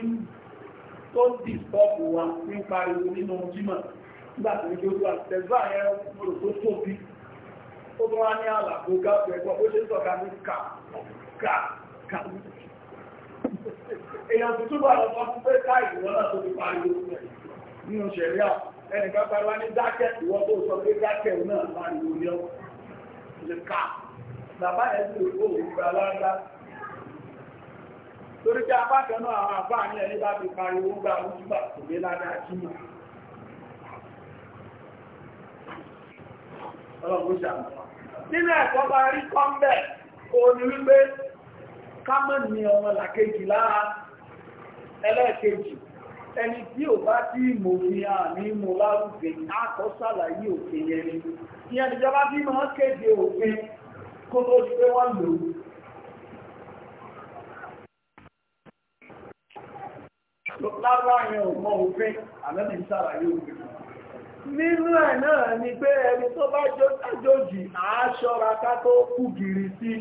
tó dì sọ́ọ̀bù wa ní pariwo nínú jímọ̀ nígbà tó ń gbé ojú àti tẹ̀síwá yẹn mo rò tó tóbi ó tún wá ní àlàbò gáàsì ẹ̀gbọ́n ó ṣe ń sọ̀ka ní kà kà kà èèyàn tuntun bá lọ sọ pé ká ìwọ́n náà tó ti pariwo nínú ṣẹ̀ríà ẹnìkan pariwo ní dákẹ́ ìwọ́n tó sọ pé dákẹ́ náà pariwo ní ọ́ ṣe ká bàbá yẹn ti rò ó torí pé abákanú àwọn àbá ní ẹni bá fi pariwo gba ojúbà kò lé ládàá kí mọ̀. ọlọ́run ṣàmù nínú ẹ̀kọ́ bá rí kọ́ńbẹ̀ ó ní wípé kámọ́ ní ọmọ làkejì lára ẹlẹ́ẹ̀kejì ẹni tí ò bá tí mò ní àmì mò lárúgbè àkọ́ sàlàyé òfin yẹn ni ìyẹn ìjọba bí máa kéde òfin kó tó di pé wọ́n lòó lára yẹn ọmọ mọ òfin àmẹ́bí ń ṣàlàyé òfin nínú ẹ̀ náà ni pé ẹni tó bá jójì àáṣọ́ra ká tó kú gìrì sí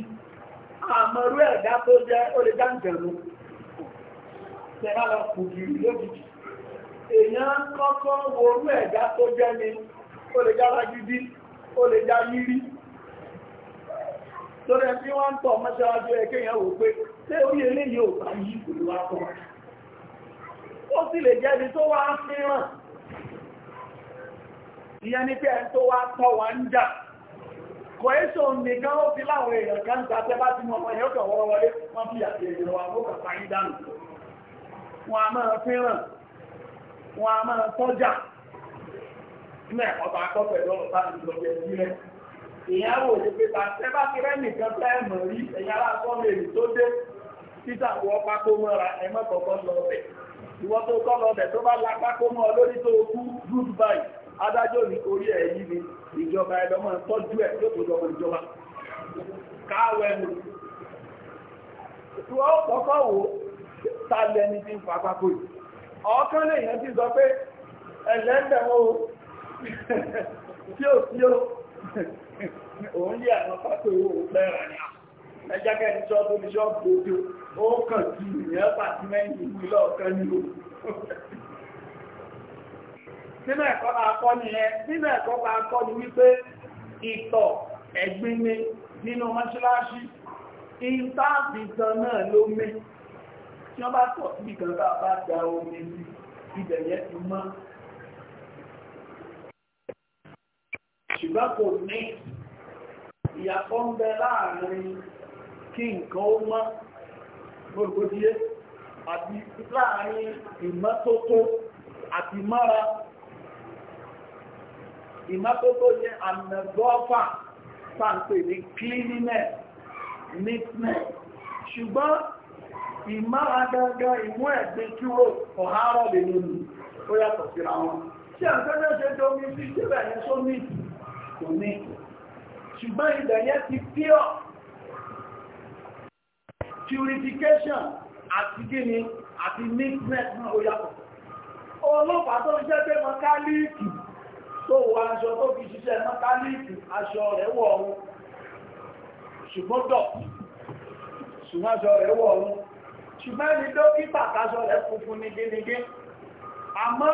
àmọ́rú ẹ̀dá tó jẹ́ ó lè dáǹjẹ̀lú lọ kú gìrì lójijì èèyàn kọ́kọ́ ẹ̀dá tó jẹ́ ni ó lè ó yírí tó rẹ̀ tí wọ́n tọ̀ ó sì lè jẹ́ ibi tó wá fíràn ìyẹn ni pé ẹni tó wá tọ́ wá ń jà kọ̀ẹ́sọ̀ nìkan ó fi láwọn èèyàn kan ta tẹ́ bá ti mọ̀ ọmọ ìyọ́kọ̀ wọ́rọ̀ wọlé wọ́n fi àti èèyàn wà ó kàfà yí dánù wọn a máa fẹ́ràn wọn a máa tọ́jà ní ẹ̀kọ́ bá kọ́ pẹ̀lú ọ̀rọ̀ bá ti lọ́jẹ́ sílẹ̀ èèyàn wò ó pé bá tẹ́ bá ti rẹ́ nìkan tẹ́ mọ̀ rí ẹ̀yà alákọ́ lè tó dé títà wọ́ pákó mọ́ra ẹ̀mọ́kọ̀ọ́kọ́ lọ bẹ̀ ìwọ́n tó kọ́ lọ́bẹ̀ tó bá lápákó mọ́ lórí tó kú goodbye adájọ́ ní orí ẹ̀ yìí ni ìjọba ẹlọ́mọ tọ́jú ẹ̀ tó tó jọmọ ìjọba káwẹ́ nù wọ́n kọ́kọ́ wò ta lẹni tí ń fa pákó yìí ọ̀ọ́kán lèèyàn ti sọ pé ẹ̀lẹ́ńdẹ̀ wo [LAUGHS] tí ò sí ó [LAUGHS] òun yẹ àwọn pákó yìí ò pẹ́ra ni àwọn ẹjẹ́kẹ́ ní ṣọ́ọ̀bù ní ṣọ́ọ̀bù òjò ó kàn ju ìyẹn pàtímẹ́ǹtì ìlú lọ́ọ̀kan ní o nínú ẹ̀kọ́ bá kọ́ ní ẹ nínú ẹ̀kọ́ bá kọ́ ní wípé ìtọ̀ ẹ̀gbin ni nínú mọ́ṣáláṣí ìtàbìtàn náà ló mé tí wọ́n bá tọ̀ sí ìkan bá bá gba omi ní ibẹ̀ yẹn ti mọ́ ṣùgbọ́n kò ní ìyàtọ̀ ń bẹ láàrin kí nǹkan ó mọ́ gbogbogbòdíyé àti láàrin ìmọ́tótó àti mọ́ra ìmọ́tótó yẹ ànàgọ́fà pàǹpẹ̀ ní cleanliness neatness ṣùgbọ́n ìmọ́ra gangan ìmú ẹ̀gbẹ́ kúrò ọ̀hárọ̀ lè lónìí ó yàtọ̀ síra wọn tí àgbẹ́gbẹ́ ṣe domi sí síbẹ̀ ní sómìtì kò ní ṣùgbọ́n ìdẹ̀yẹ ti pure purification àti gíní àti neatness náà ó yàtọ̀ ọlọ́pàá tó ń jẹ́ pé mọ́kálíìkì tó wọ aṣọ tó fi ṣiṣẹ́ mọ́kálíìkì aṣọ rẹ̀ wọ̀ ọ̀run ṣùgbọ́n dọ̀ ṣùgbọ́n aṣọ rẹ̀ wọ̀ ọ̀run ṣùgbọ́n ẹni dókítà káṣọ rẹ̀ funfun nigínigí àmọ́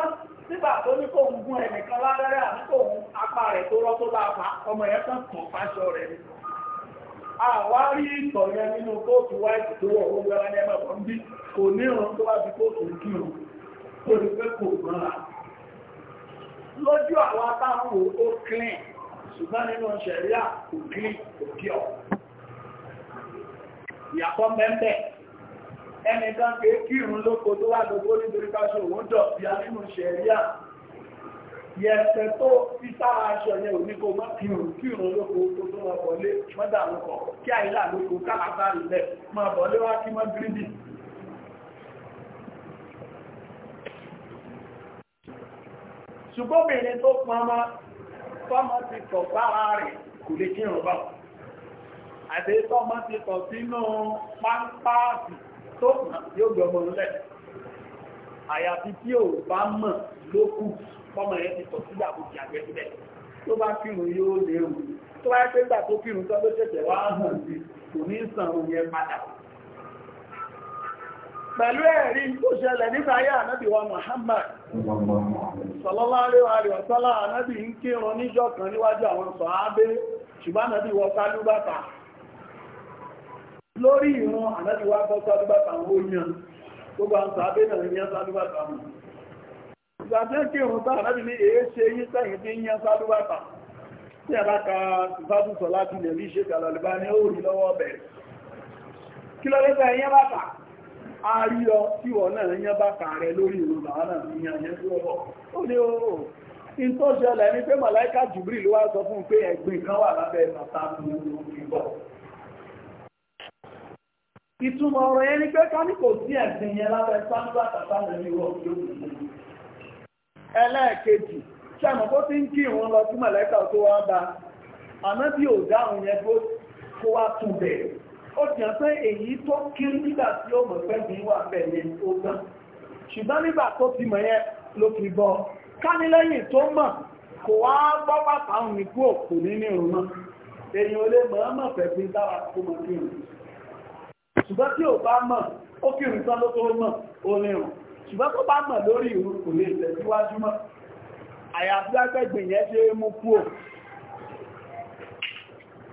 nígbà tó ní kò ń gún ẹnìkan lábẹ́rẹ́ àti kò ń apá rẹ̀ tó rọ́ tó bá pa ọmọ yẹn tán kàn fáṣọ rẹ̀ nìkan àwárí ìtọ̀ yẹn nínú kóòtù wáìtì tó wọ̀ ó gbára ní ẹgbẹ̀kọ́ ń bí kò ní ìrùn tó wá bí kóòtù ń kí òun tó ní pé kò gbọ́nà lójú àwọn atáwò ó kílìn ṣùgbọ́n nínú ṣẹ̀ríà kò kílìn kò kí ọ̀ ìyàpọ̀ mẹ́mẹ́ ẹnìkan kéèkì ìrùn lóko tó wà lóko nítorí káṣọ òun dọ̀ bí a nínú ṣẹ̀ríà yẹ̀pẹ̀ tó fi sára aṣọ yẹn ò ní kó mọ́ kírun kírun lóko tó tó máa bọ̀lé mọ́dà lóko kí àìlà lóko kálàbà rẹ̀ máa bọ̀lé wá kí mọ́ gírídì ṣùgbọ́bìnrin tó pọnmọ́ tọ́mọ́ ti tọ̀ sára rẹ̀ kò lè kírun bá àti tọ́mọ́ ti tọ̀ sínú pápáàsì tó pọ̀ yóò gbọmọ lẹ́ẹ̀ àyàfi tí ò bá mọ̀ ló ti sọ sílẹ̀ àbòjì àgbẹ̀ síbẹ̀ tó bá kírun yóò léwu tó bá pé gbà tó kírun tán tó ṣẹ̀ṣẹ̀ wá hàn sí kò ní sàn òun yẹn padà pẹ̀lú ẹ̀rí Muhammad ànábì ń kírun níjọ́ kan níwájú àwọn ṣùgbọ́n ànábì wọ lórí gbogbo àwọn sàábé náà ní yán sálúbàtà mú ìgbàjẹ́ kí òun tàà láti ní èé ṣe yí sẹ́yìn tí ń yán sálúbàtà tí a bá ka ìfàtúsọ láti lè rí ṣe kàlọ̀lẹ̀bá ní ó rí lọ́wọ́ bẹ̀rẹ̀ kí lọ lẹ́gbẹ̀ẹ́ yán bàtà a rí ọ tí wọ́n náà yán bàtà rẹ lórí ìrùn bàbá náà ní yán yán sí ọwọ́ ó ní ó in tó ṣẹlẹ̀ ní pé màláìkà jùbírì ló wá sọ fún pé ẹ̀gbìn kan wà ìtumọ̀ ọ̀rọ̀ yẹn ni pé ká ní kò sí ẹ̀sìn yẹn lábẹ́ sáńgbà tàbá lẹ́nu ìwọ̀ tó kù ẹlẹ́ẹ̀kejì ṣàmọ̀ kó ti ń kí ìwọ̀n lọ sí mọ̀lẹ́kà tó wá bá bí ò dáhùn yẹn bó kó wá tún bẹ̀ ó ti hàn pé èyí tó nígbà tí ó mọ̀ pé wà bẹ̀ ó ṣùgbọ́n nígbà tó ti mọ̀ yẹn ló fi bọ́ tó mọ̀ kò wá gbọ́ bàtà ní kú òkú nínú ìrùn ṣùgbọ́n tí ò bá mọ̀ ó kí ìrìn tán ló tó mọ̀ ó nírun ṣùgbọ́n tó bá mọ̀ lórí ìrun kò lè tẹ̀síwájú mọ́ àyàfi agbẹ́gbẹ̀ yẹn ṣe é mú kú ò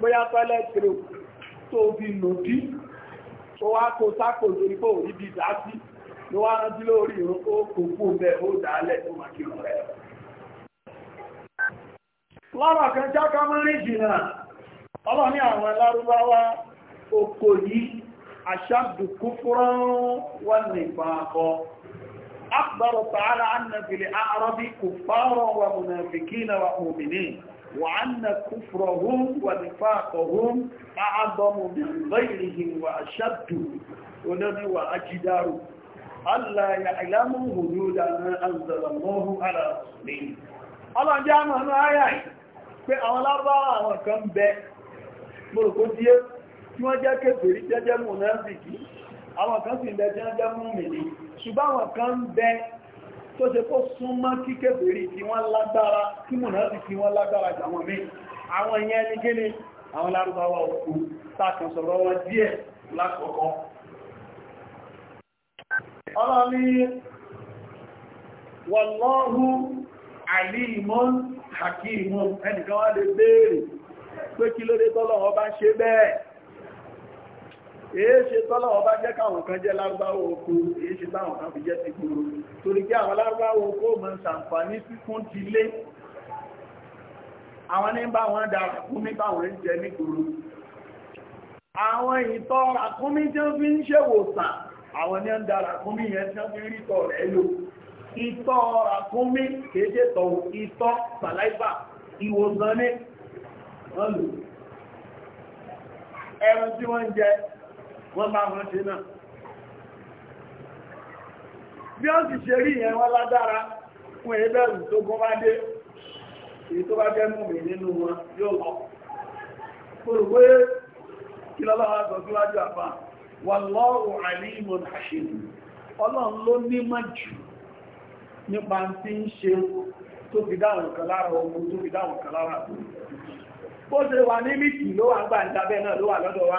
bóyá tọ́lẹ̀ tèrò tó fi lòdí tó wá kó sákò lórí pò rí bí dá sí ló wá rántí lórí ìrun ó kò kú bẹ́ẹ̀ ó dálẹ̀ tó máa kírun rẹ̀ lọ́rọ̀ kan jákọ́ jìnnà ọlọ́ ní àwọn lárúbáwá oko yìí aṣáàdù kúfúrán wà ní ìfàkọ́ akbar ta'ala anna fil a'rabi kuffara wa munafiqina wa mu'minin wa anna kufrahum wa nifaqahum a'zamu min ghayrihim wa ashaddu onani wa ajdaru alla ya'lamu hududa ma anzala Allahu ala rasulihi Allah jama ayayi pé àwọn larba àwọn kan be mo ko die tí wọ́n jẹ́ kéfèrí jẹ́jẹ́ mú náà sì kí àwọn kan sì bẹ tí wọ́n jẹ́ mú mi ní ṣùgbọ́n àwọn kan ń bẹ tó ṣe kó súnmọ́ kí kéfèrí tí wọ́n lágbára kí mú náà sì kí wọ́n lágbára jàwọn mí àwọn ìyẹn ni kí ni àwọn lárúbáwá òkú tàkàn sọ̀rọ̀ wọn díẹ̀ lákọ̀ọ́kọ́ pé kí ló tọ́lọ̀ ọba ṣe bẹ́ẹ̀ èé ṣe tọ́lọ̀ ọba jẹ́ káwọn kan jẹ́ lárúbáwò oko èé ṣe táwọn kan fi jẹ́ ti kúrò torí kí àwọn lárúbáwò oko mọ̀ ń sàǹfààní fífún ti lé àwọn ní bá wọn dà kúmí báwọn ń jẹ ní kúrò àwọn ìtọ́ àkúmí tí ó fi ń ṣèwòsàn àwọn ní ń dára kúmí yẹn tí ó fi rí tọ̀ rẹ̀ lò ìtọ́ àkúmí kéje tọ̀ ìtọ́ saliva ìwòsàn ní wọ́n lò ẹran tí wọ́n ń jẹ wọ́n bá wọ́n ṣe náà bí ó ti ṣe rí yẹn wọ́n ládára fún ẹgbẹ̀rún tó gún dé èyí tó bá jẹ́ múmi nínú wọn yóò lọ kòrògbé kí nípa tí ń ṣe tó fi kan lára ọmọ tó fi lára ṣe wà ní mìtì ló wà ń gbà wà lọ́dọ̀ wá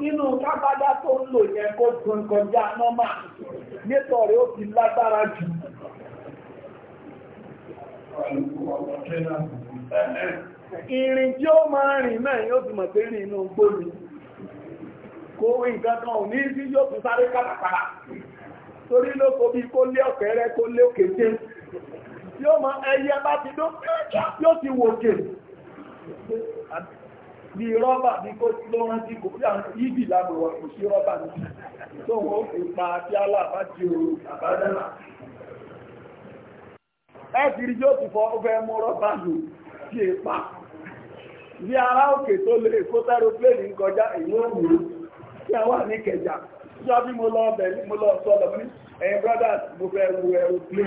inú kábádá tó ń lò yẹn kó gun kọjá nọ́mà nítorí ó fi lágbára jù ìrìn tí ó máa rìn náà yóò ti mọ̀ pé rìn inú gbóni kó wí nǹkan kan ò ní sí yóò tún sáré kàtàkàtà torí ló kò bí kó lé ọ̀kẹ́ rẹ kó lé òkè jẹ́ yóò mọ ẹyẹ bá ti dó yóò ti wòkè bí rọ́bà ní kó ló rántí kò rí àwọn ìbì lábúrọ̀ kò sí rọ́bà ní tó wọ́n fi pa aláàbá ti àbádẹ́là yóò ti fọ́ mú rọ́bà lò sí ipa bí ara òkè tó lè kó ń kọjá èyí wà ní kẹjà bí mo lọ ọbẹ̀ mo lọ ẹ̀yin brothers mo fẹ́ wo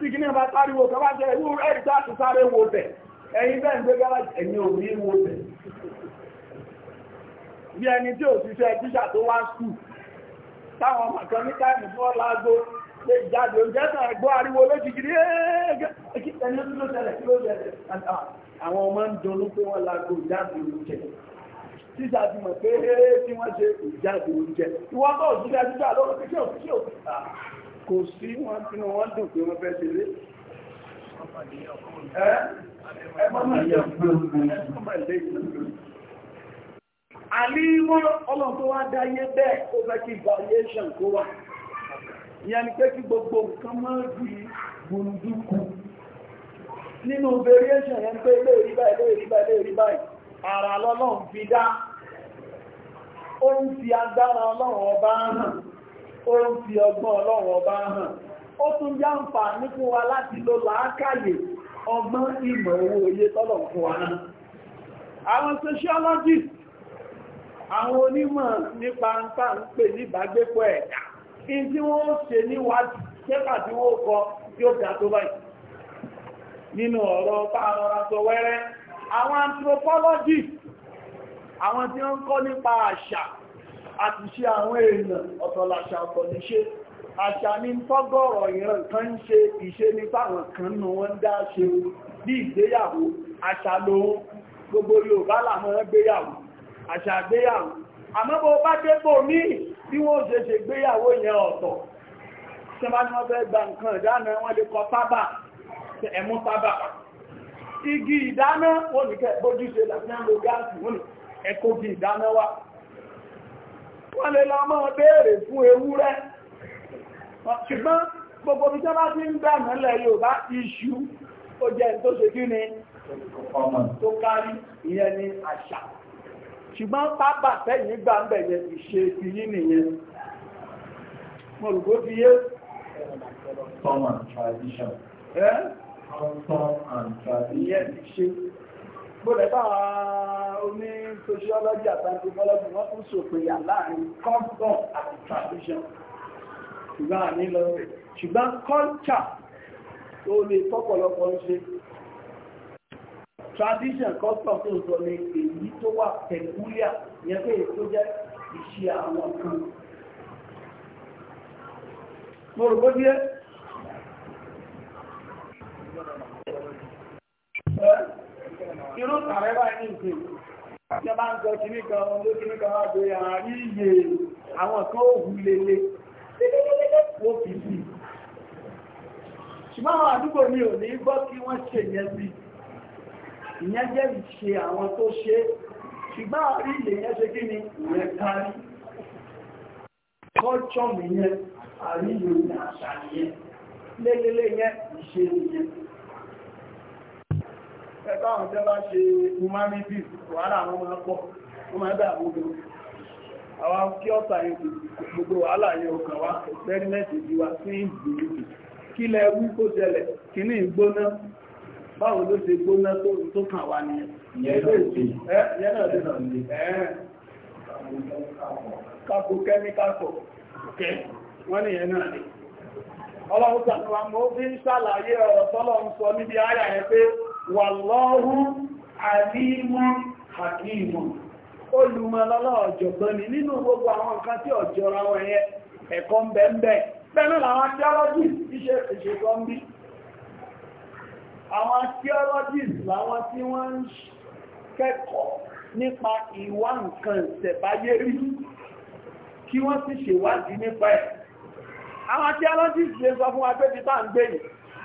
tí kí ní ọba táriwo kọba jẹ́ ìwú ẹ̀rí táàtù sáré wo bẹ̀ ẹ̀yìn bẹ́ẹ̀ ń gbé gáràjì ẹ̀yìn ò ní wo bẹ̀ bí ẹni tí ò ṣiṣẹ́ tíṣà tó wá skul táwọn ọmọ kan ní táìmù tí wọ́n láago lè jáde oúnjẹ náà gbọ́ ariwo lójijì ẹni tí ló ṣẹlẹ̀ kí ló ṣẹlẹ̀ ah, àwọn ọmọ ń dunnú pé wọ́n láago jáde oúnjẹ tíṣà ti mọ̀ pé tí wọ́n ṣe ìjáde oúnjẹ ìwọ́n náà òṣìṣẹ́ tíṣà lọ́wọ́ kò sí wọn tí wọ́n dùn pé wọ́n fẹ́ ṣe lé Àlímọ́ tó wá bẹ́ẹ̀ ó fẹ́ kí variation kó wà. ni gbogbo nǹkan máa Nínú variation yẹn pé ilé ìrí báyìí, ilé ìrí báyìí, ilé ìrí báyìí, fi dá. Ó ó ń fi ọgbọ́n ọlọ́run ọba hàn ó tún yá ń fà ní fún wa láti lo làákàyè ọgbọ́n ìmọ̀ owó oyé tọ́lọ̀ fún wa náà àwọn sociologist àwọn onímọ̀ nípa ń tà ń pè ní ìbágbépọ̀ ẹ̀dá in tí wọ́n ṣe níwájú pépà tí wọ́n kọ yóò dá tó báyìí nínú ọ̀rọ̀ bá rọra sọ wẹ́rẹ́ àwọn anthropologist àwọn tí wọ́n ń kọ́ nípa àṣà àti ṣe àwọn èèyàn ọ̀tọ̀làṣà ọ̀tọ̀lẹ́ṣe àṣà ní tọ́gọ́rọ̀ ìran kan ń ṣe ìṣe ní táwọn kan nù wọ́n dá ṣe bí ìgbéyàwó àṣà lòun gbogbo Yorùbá làwọn gbéyàwó àṣà gbéyàwó àmọ́ bó bá dépò ní bí wọ́n ṣe ṣe gbéyàwó yẹn ọ̀tọ̀ tí wọ́n bá ní wọ́n fẹ́ gba nǹkan ìdáná wọ́n lè kọ tábà ẹ̀mú tábà igi ìdáná wọ́n ní kẹ́ bójú ṣe làfihàn lo gáàsì wọ́n ní ẹ̀kọ́ ìdáná wa wọ́n lè lọ mọ́ béèrè fún ewúrẹ́ ṣùgbọ́n gbogbo bí jọba tí ń gbà mọ́lẹ̀ Yorùbá iṣu ó jẹ́ tó ṣe kí ni ọmọ tó kárí ìyẹn ni àṣà ṣùgbọ́n pápá tẹ́yìn gbà ń bẹ̀yẹ ìṣe ti yí nìyẹn mo rò bó ti yé Tom tradition. Eh? tradition gbọ́dọ̀ bá oní sociology àti anthropology wọ́n tún sòpinya láàrin custom àti tradition ṣùgbọ́n àní lọ rẹ̀ ṣùgbọ́n culture tó lè tọ́pọ̀lọpọ̀ ń ṣe tradition custom tó sọ ní èyí tó wà peculiar yẹn pé tó jẹ́ ìṣe àwọn kan mo irú tààrẹ bá ní ìgbè ṣe bá ń gọ kíní kan ló kíní kan wá gbé àárín iye àwọn kan ó hù lele wó fi sí ṣùgbọ́n àwọn àdúgbò mi ò ní gbọ́ kí wọ́n ṣe yẹn sí ìyẹn jẹ́ ìṣe àwọn tó ṣe ṣùgbọ́n àárín iye yẹn ṣe kí ni ìyẹn kárí kọ́ọ̀ṣọ́ lélele yẹn ìṣe yẹn ẹgbẹ́ àwọn tẹ́ bá ṣe humanities wàhálà àwọn ọmọ pọ̀ wọ́n máa bẹ́ àwọn àwọn kí ọ̀sà yẹn gbogbo wàhálà yẹn ò wá experiment sí ìgbìyànjú kí lẹ kó kí ní ìgbóná ló ṣe gbóná tó kàn wá ní mọ́ bí ń wàlọ́hù àlímọ́ hakimu olùmọ̀lọ́lọ́ ọ̀jọ̀gbọ́n ni nínú gbogbo àwọn nǹkan tí ọ̀jọ́ra wọn yẹ ẹ̀kọ́ ń bẹ ń bẹ bẹ́ẹ̀ náà àwọn theologists iṣẹ́ ìṣẹ́kọ́ ń bí àwọn theologists láwọn tí wọ́n ń nípa ìwà nǹkan ìṣẹ̀báyé rí kí wọ́n sì ṣèwádìí nípa ẹ̀ àwọn theologists lè sọ fún wa pé ti tá ń gbé yìí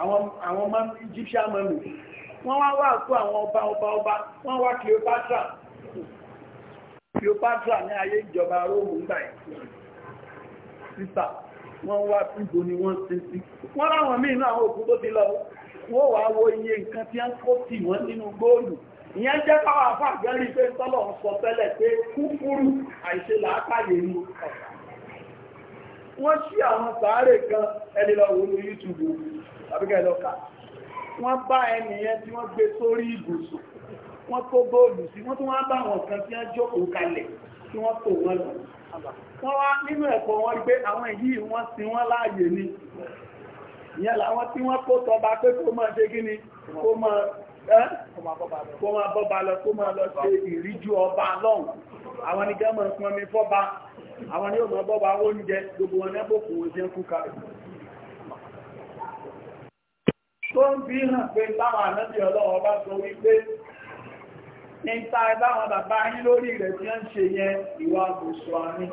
àwọn ọmọ Egyptian mummy wọ́n wá wá kó àwọn ọba ọba ọba wọ́n wá Cleopatra Cleopatra ní ayé ìjọba Róòmù ń báyìí sísà wọ́n wá ìbò ni wọ́n ti sí wọ́n láwọn míì náà àwọn òkú tó ti lọ wọ́n wá wo iye nǹkan tí wọ́n kó tì wọ́n nínú góòlù ìyẹn jẹ́ káwà fún àgbẹ́rí pé tọ́lọ̀ ń sọ tẹ́lẹ̀ pé kúkúrú àìṣe làákàyè ní wọ́n ṣí àwọn sàárè kan ẹni lọ wọ́n YouTube tàbíkẹ́ lọ́ka wọ́n bá ẹnìyẹn tí wọ́n gbé sórí ibùsùn wọ́n kó góòlù sí wọ́n tún wá bá wọn kan tí wọ́n jókòó kalẹ̀ tí wọ́n tò wọ́n lọ wọ́n wá nínú ẹ̀kọ́ wọn gbé àwọn èyí wọ́n sin wọ́n láàyè ni ìyẹn làwọn tí wọ́n kó tọba pé kó máa ṣe kí ni kó máa kó máa bọ́ba lọ kó máa lọ ṣe ìríjú ọba lọ́hùn àwọn ni gẹ́mọ̀ ìpọnmi fọ́ba àwọn ni ó máa bọ́ba oúnjẹ gbogbo wọn ní oúnjẹ kú tó ń bí hàn pé táwọn ànábì ọlọ́wọ́ bá sọ wípé ní ta ẹbáwọn bàbá yín lórí rẹ̀ tí ó ń ṣe yẹn ìwà òṣù àmì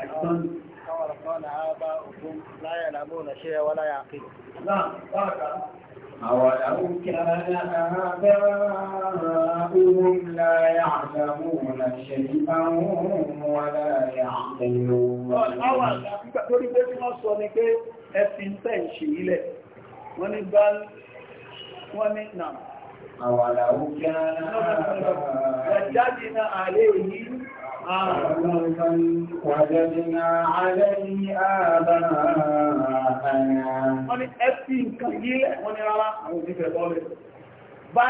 àìsàn أولو كان آباؤهم لا يعلمون شيئا ولا يعقلون Àwọn àgbà tó rí pé tí wọ́n sọ ni pé ẹfin tẹ́ ìṣe ilẹ̀, wọ́n ní bá wọ́n ní nà. àwàlàwò kí á wàjáde àlẹ́ yìí ah. Wàjẹ́dìnà alẹ́ ní àbáhàrá. Wọ́n ní ẹ̀fí nǹkan yílẹ̀ wọ́n ní rárá àwọn òfífẹ́ bọ́ọ̀lẹ̀ bá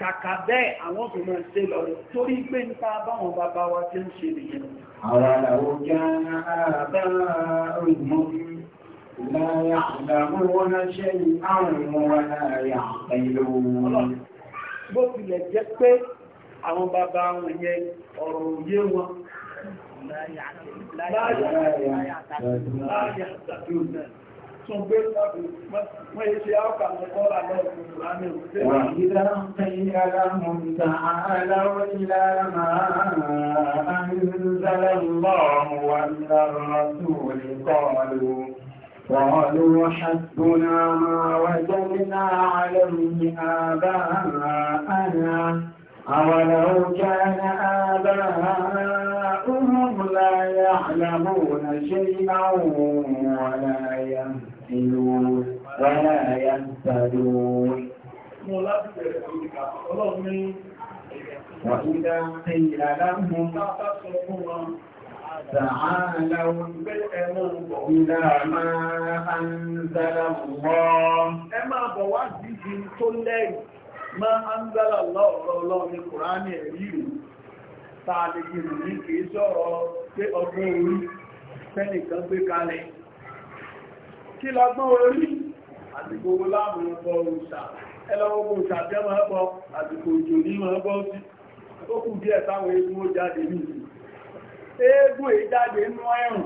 kàkà bẹ́ẹ̀ àwọn tó máa ṣe lọ torí pé ń ta báwọn bàbá wa tí ń ṣe nìyẹn. Àwọn àlàwò jẹ́ àbá òyìnbó لا يعلمون شيئا ولا يعقلون bó tilẹ̀ jẹ́ pé àwọn bàbá wọn yẹn ọ̀rọ̀ òye wọn láyàtàdúnà tún gbé lọ́dún wọ́n yìí ṣe áwọ́kà mọ́kọ́lá lọ́dún ìrànlẹ̀ òṣèlú wọ́n yìí dára ń tẹ́ ìyára mọ̀ ìdáhàláwọ́ ìlànà máa ń zẹ́lẹ̀ lọ́rùn wà ní àrùn àtúwò lè kọ́ ọlọ́run قالوا حسبنا ما وجدنا عليه آباءنا أولو كان آباؤهم لا يعلمون شيئا ولا يهتدون ولا يهتدون وإذا قيل لهم تعالوا بأمر إلى ما أنزل الله أما بواسطة تلين ما أنزل الله الله من القرآن يريد tààlì ìrìnlẹ̀ kìí sọ̀rọ̀ pé ọgbọ́n orí fẹ́nìkan gbé kalẹ̀ kí lọ́gbọ́n orí àdìgbò láàmù ọgbọ́ òṣà ẹlọ́gbọ́n eégún ìjáde inú ẹ̀rùn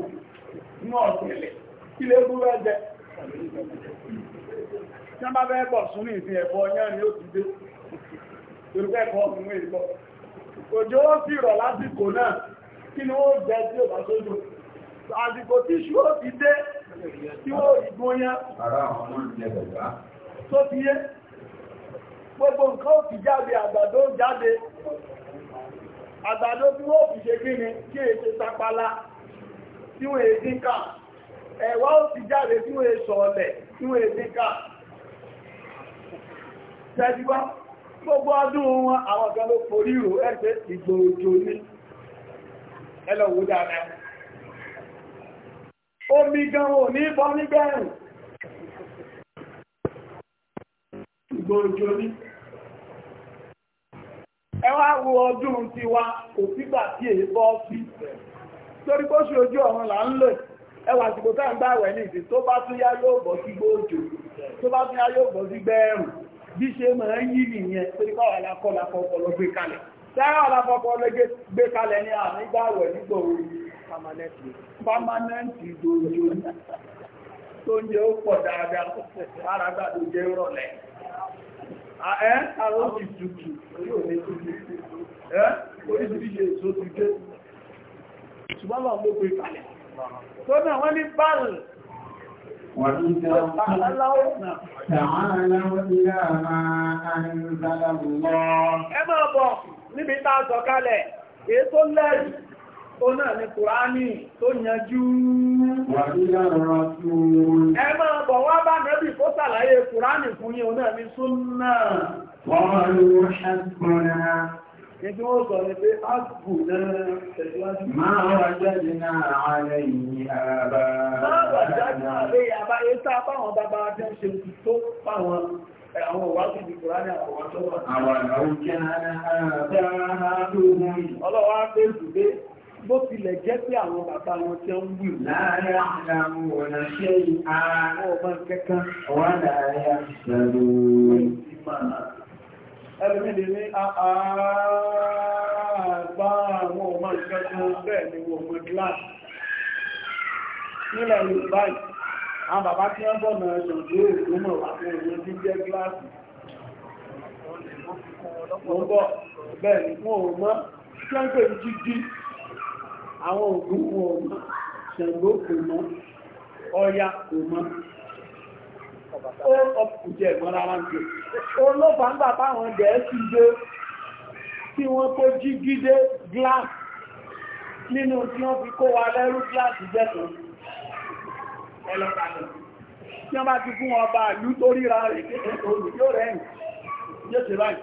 inú ọ̀tẹ̀lẹ̀ kí lè gún rẹ́jẹ tí wọ́n bá fẹ́ bọ̀ sún ní ìsìn ẹ̀fọ́ yẹ́rin ó ti dé torípẹ́ ẹ̀fọ́ ọkùnrin ìbọ̀ òjò ó sì rọ̀ lásìkò náà kí ni ó jẹ sí ò bá sójú àsìkò tí ṣú ó ti dé tí ó ìgbón yá tó ti yé gbogbo nǹkan ó ti jáde àgbàdo jáde àgbàdo tí wọ́n fi ṣe kíni kí èṣe sapala tí wọ́n èdè ká ẹ̀wà ó ti jáde tí wọ́n èṣọ ọ̀lẹ̀ tí wọ́n èdè ká tẹ́júwá gbogbo ọdún wọn àwọn kan ló forí rò ẹ̀ṣẹ́ ìgbòòjò ní ẹlọ́wọ́ dáadáa omi gan ò ní bọ́ nígbẹ̀rún ìgbòòjò ní ẹ wá wo ọdún tiwa kò sígbà tí èyí bọ́ sí torí bó ṣe ojú ọ̀run là ń lò ẹwà àsìkò tá ń gbàwẹ̀ ní ìsìn tó bá tún yá yóò bọ́ sí gbóòjò tó bá tún yá yóò bọ́ sí gbẹ́ẹ̀rùn bí ṣe máa ń yí nìyẹn torí káwà lákọ́ ọpọlọ gbé kalẹ̀ ọpọlọ gbé kalẹ̀ ní nígbà orí pámánẹ́ǹtì gbòòjò tó ń jẹ́ ó pọ̀ dáadáa ẹ́ àwọn ti tutù yóò ní tutù ẹ́ oríṣiríṣi èso ti dé ṣùgbọ́n lọ mú pé kalẹ̀ tó náà wọ́n ní báàlì Ẹ máa bọ̀ níbi tá a sọ kalẹ̀, èyí tó lẹ́yìn ó náà ni kùránì tó yanjú ẹ bọ̀ wá bá nẹ́bì kó sàlàyé kùránì fún yín ó náà ni súnnà Ibi wọ́n sọ ni pé ágbù náà tẹ̀síwájú. Máa wà jáde náà ààrẹ yìí àbá. Máa àwọn bó tilẹ̀ jẹ́ pé àwọn bàbá wọn tí ń wù láàárín àdàmù ọ̀nà ṣe àwọn ọmọ kẹ́kàn wọ́n láàárín àṣàrò ẹlùmídìí ní àgbà àwọn ọmọ kẹ́kàn bẹ́ẹ̀ ni wọ́n mọ̀ gíláàsì nílẹ̀ Yorùbá àwọn bàbá tí wọ́n bọ̀nà ẹ̀sùn tó ìgbómọ̀ wà fún ìwọ̀n bọ̀ bẹ́ẹ̀ ni wọ́n mọ́ tí wọ́n pè àwọn ògùn wọn ọmọ ṣẹ̀gbó kò mọ́ ọya kò mọ́ ó ọkùnjẹ ìmọ̀ rárá ń pè ó ló fà ń bàbá àwọn gẹ̀ẹ́sì dé tí wọ́n kó jí gídé glass nínú tí wọ́n fi kó wa lẹ́rú glass jẹ́kan ẹlọ́kàlẹ̀ tí wọ́n bá ti fún ọba ìlú tó ríra rẹ̀ kéèkéèrè yóò rẹ̀yìn yóò ṣe báyìí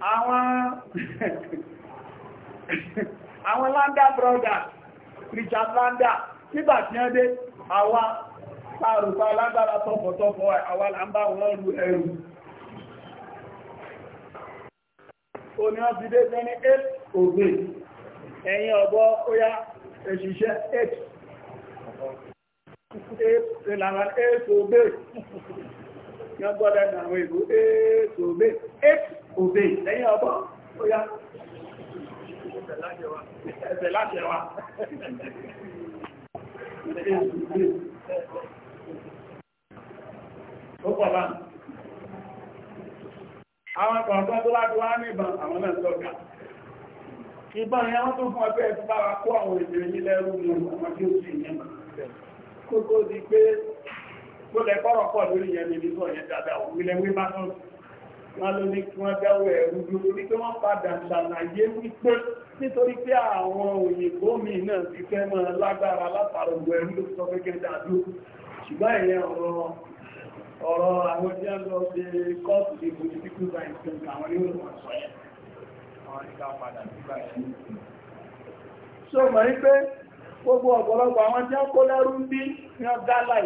àwọn Landa brothers, Richard Landa nígbà tí wọ́n dé àwa pàrùpá lágbára tọ́pọ̀tọ́pọ̀ àwa là ń bá wọn rú ẹrù òní wọ́n ti dé fẹ́ ní 8 ògbè ẹ̀yìn ọ̀bọ ó yá èṣìṣẹ́ 8 ìlànà 8 ògbè yọ́n gbọ́dẹ̀ àwọn ìlú 8 ògbè 8 òbè lẹ́yìn ọbọ̀ ó yá ẹ̀sẹ̀ láti ẹwà ó pọ̀ bá àwọn kọ̀ọ̀kan tó láti wá ní ìbọn àwọn náà sọ́gá ìbọn ìyá wọ́n tó fún ẹgbẹ́ ẹ̀fún bára kó àwọn ìbìnrin ní lẹ́rú ní ọmọ tí ó sì ní kókó di pé kó lẹ́kọ́rọ̀ pọ̀ lórí yẹn ní ìbọn yẹn dáadáa òwúlẹ̀ bá náà wọ́n ló ní kí wọ́n dáwọ́ ẹ̀rú dúró ní pé wọ́n padà ṣàlàyé wípé nítorí pé àwọn òyìnbó mi náà ti fẹ́ mọ́ lágbára látara ògbò ẹ̀rú ló sọ pé kẹta dúró ṣùgbọ́n ìyẹn ọ̀rọ̀ ọ̀rọ̀ àwọn tí wọ́n lọ sí kọ́ọ̀tù ní political science ní àwọn ní ká padà yẹn. so mọ̀ ní pé gbogbo ọ̀pọ̀lọpọ̀ àwọn tí wọ́n kó lẹ́rú ń bí wọ́n dá láì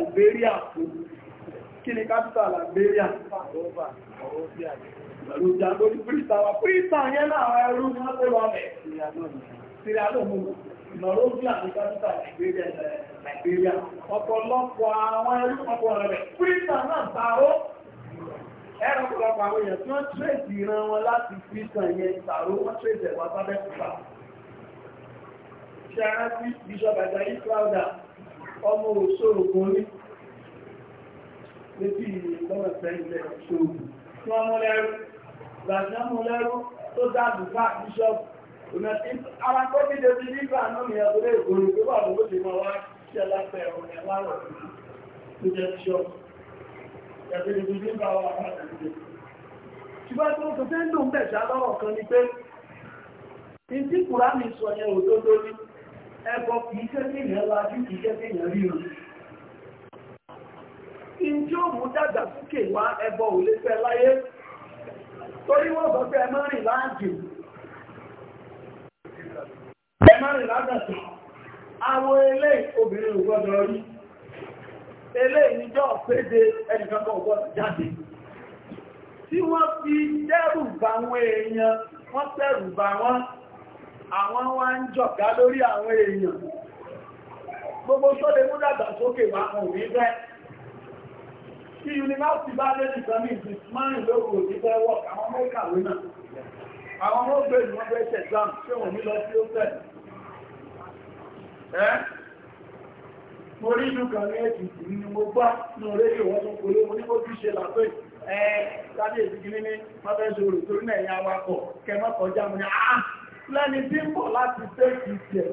kí ni kápítà Liberia Ìgbàlójá lórí Príta wà. Príta yẹn náà ẹrú ní Akọ́lọ́mẹ̀. Síríàlómù. Ìgbàlójá ní kápítà Liberia. Ọ̀pọ̀lọpọ̀ àwọn ẹrú ọkọ̀ rẹ̀. Príta náà tààró. Ẹ̀rọ ọ̀pọ̀lọpọ̀ àwọn èèyàn tí wọ́n létí lọ́wọ́ ìfẹ́lẹ̀ ṣòògùn tí wọ́n mú lẹ́rú gbàtí wọ́n mú lẹ́rú tó dáàbò bá bíṣọ́pù ọ̀nà tí ara kọ́ bí débi nígbà náà ní ẹgbẹ̀rẹ̀ ìgbòrò tó wà lówó ti máa wá ṣe lápẹ̀ ọ̀nà láwọ̀ tó jẹ́ bíṣọ́pù ẹgbẹ̀ débi nígbà wà láti ṣùgbọ́n tó tó fẹ́ ń dùn bẹ̀ ṣá lọ́wọ́ kan ni pé ìdí kùrá mi sọ yẹn òdodo ní ẹbọ kìí ṣe kéèyàn lajú tí ó mú dàgbàsókè wá ẹbọ ò láyé torí wọ́n sọ pé ẹ má rìn àwọn ilé obìnrin ò rí ilé ìníjọ́ jáde tí wọ́n fi dẹ́rù bá èèyàn wọ́n tẹ́rù bá wọn àwọn wá ń jọ̀gá lórí gbogbo wá tí yunifásitì bá dé nìkan ní ìsìn márùn lóko òjì fẹ́ wọ̀ àwọn ọmọ ìkàwé náà àwọn ọmọ ògbé ni wọ́n fẹ́ ṣe exam ṣé wọ́n ní lọ sí ó fẹ́ ẹ́ mo rí inú kan ní ètùtù ni mo gbá ní rédíò wọn tó polówó mo ní kó kí ṣe làpẹ́ ẹ sáde ìdíkíní ní wọ́n fẹ́ ṣe òrò torí náà ẹ̀yà awakọ̀ kẹmọ́ kọjá mo ní àá lẹ́ni tí ń bọ̀ láti tẹ́ẹ̀kì tiẹ̀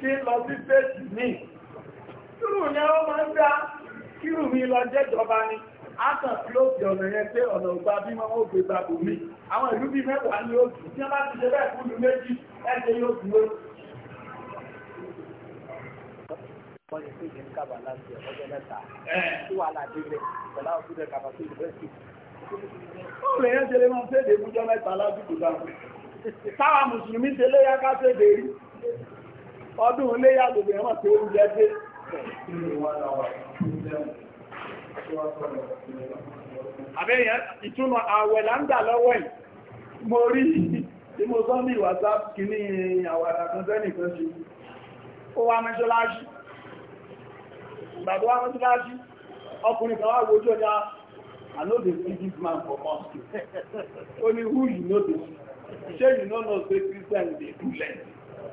ṣe lọ sí tẹ́ẹ̀kì míì kírù yẹn ó máa ń dá kírù mi lọ jẹ́jọba ni ákàn kílóòsì ọ̀nà yẹn pé ọ̀nà ògbà bí wọ́n ó gbé gbàgbò mi àwọn ìlú bíi mẹ́wàá ní oṣù tí bá ti ṣe bẹ́ẹ̀ fún mi méjì ẹ̀ṣẹ̀ yóò dúró. ó lè yẹn ṣe lè máa mẹ́ta lásìkò àbẹ́yẹn ìtúnmọ̀ àwẹ̀ láńdà lọ́wọ́ ì mo rí tí mo sọ ní whatsapp kì ní àwàdà kan sẹ́nì kan ṣe ó wá mẹ́ṣọ́láṣí ìgbàdó wá mẹ́ṣọ́láṣí ọkùnrin kan wá wojú ọjá I know they see this man for months [LAUGHS] only who you know this ṣé you know no say Christian dey do lẹ́yìn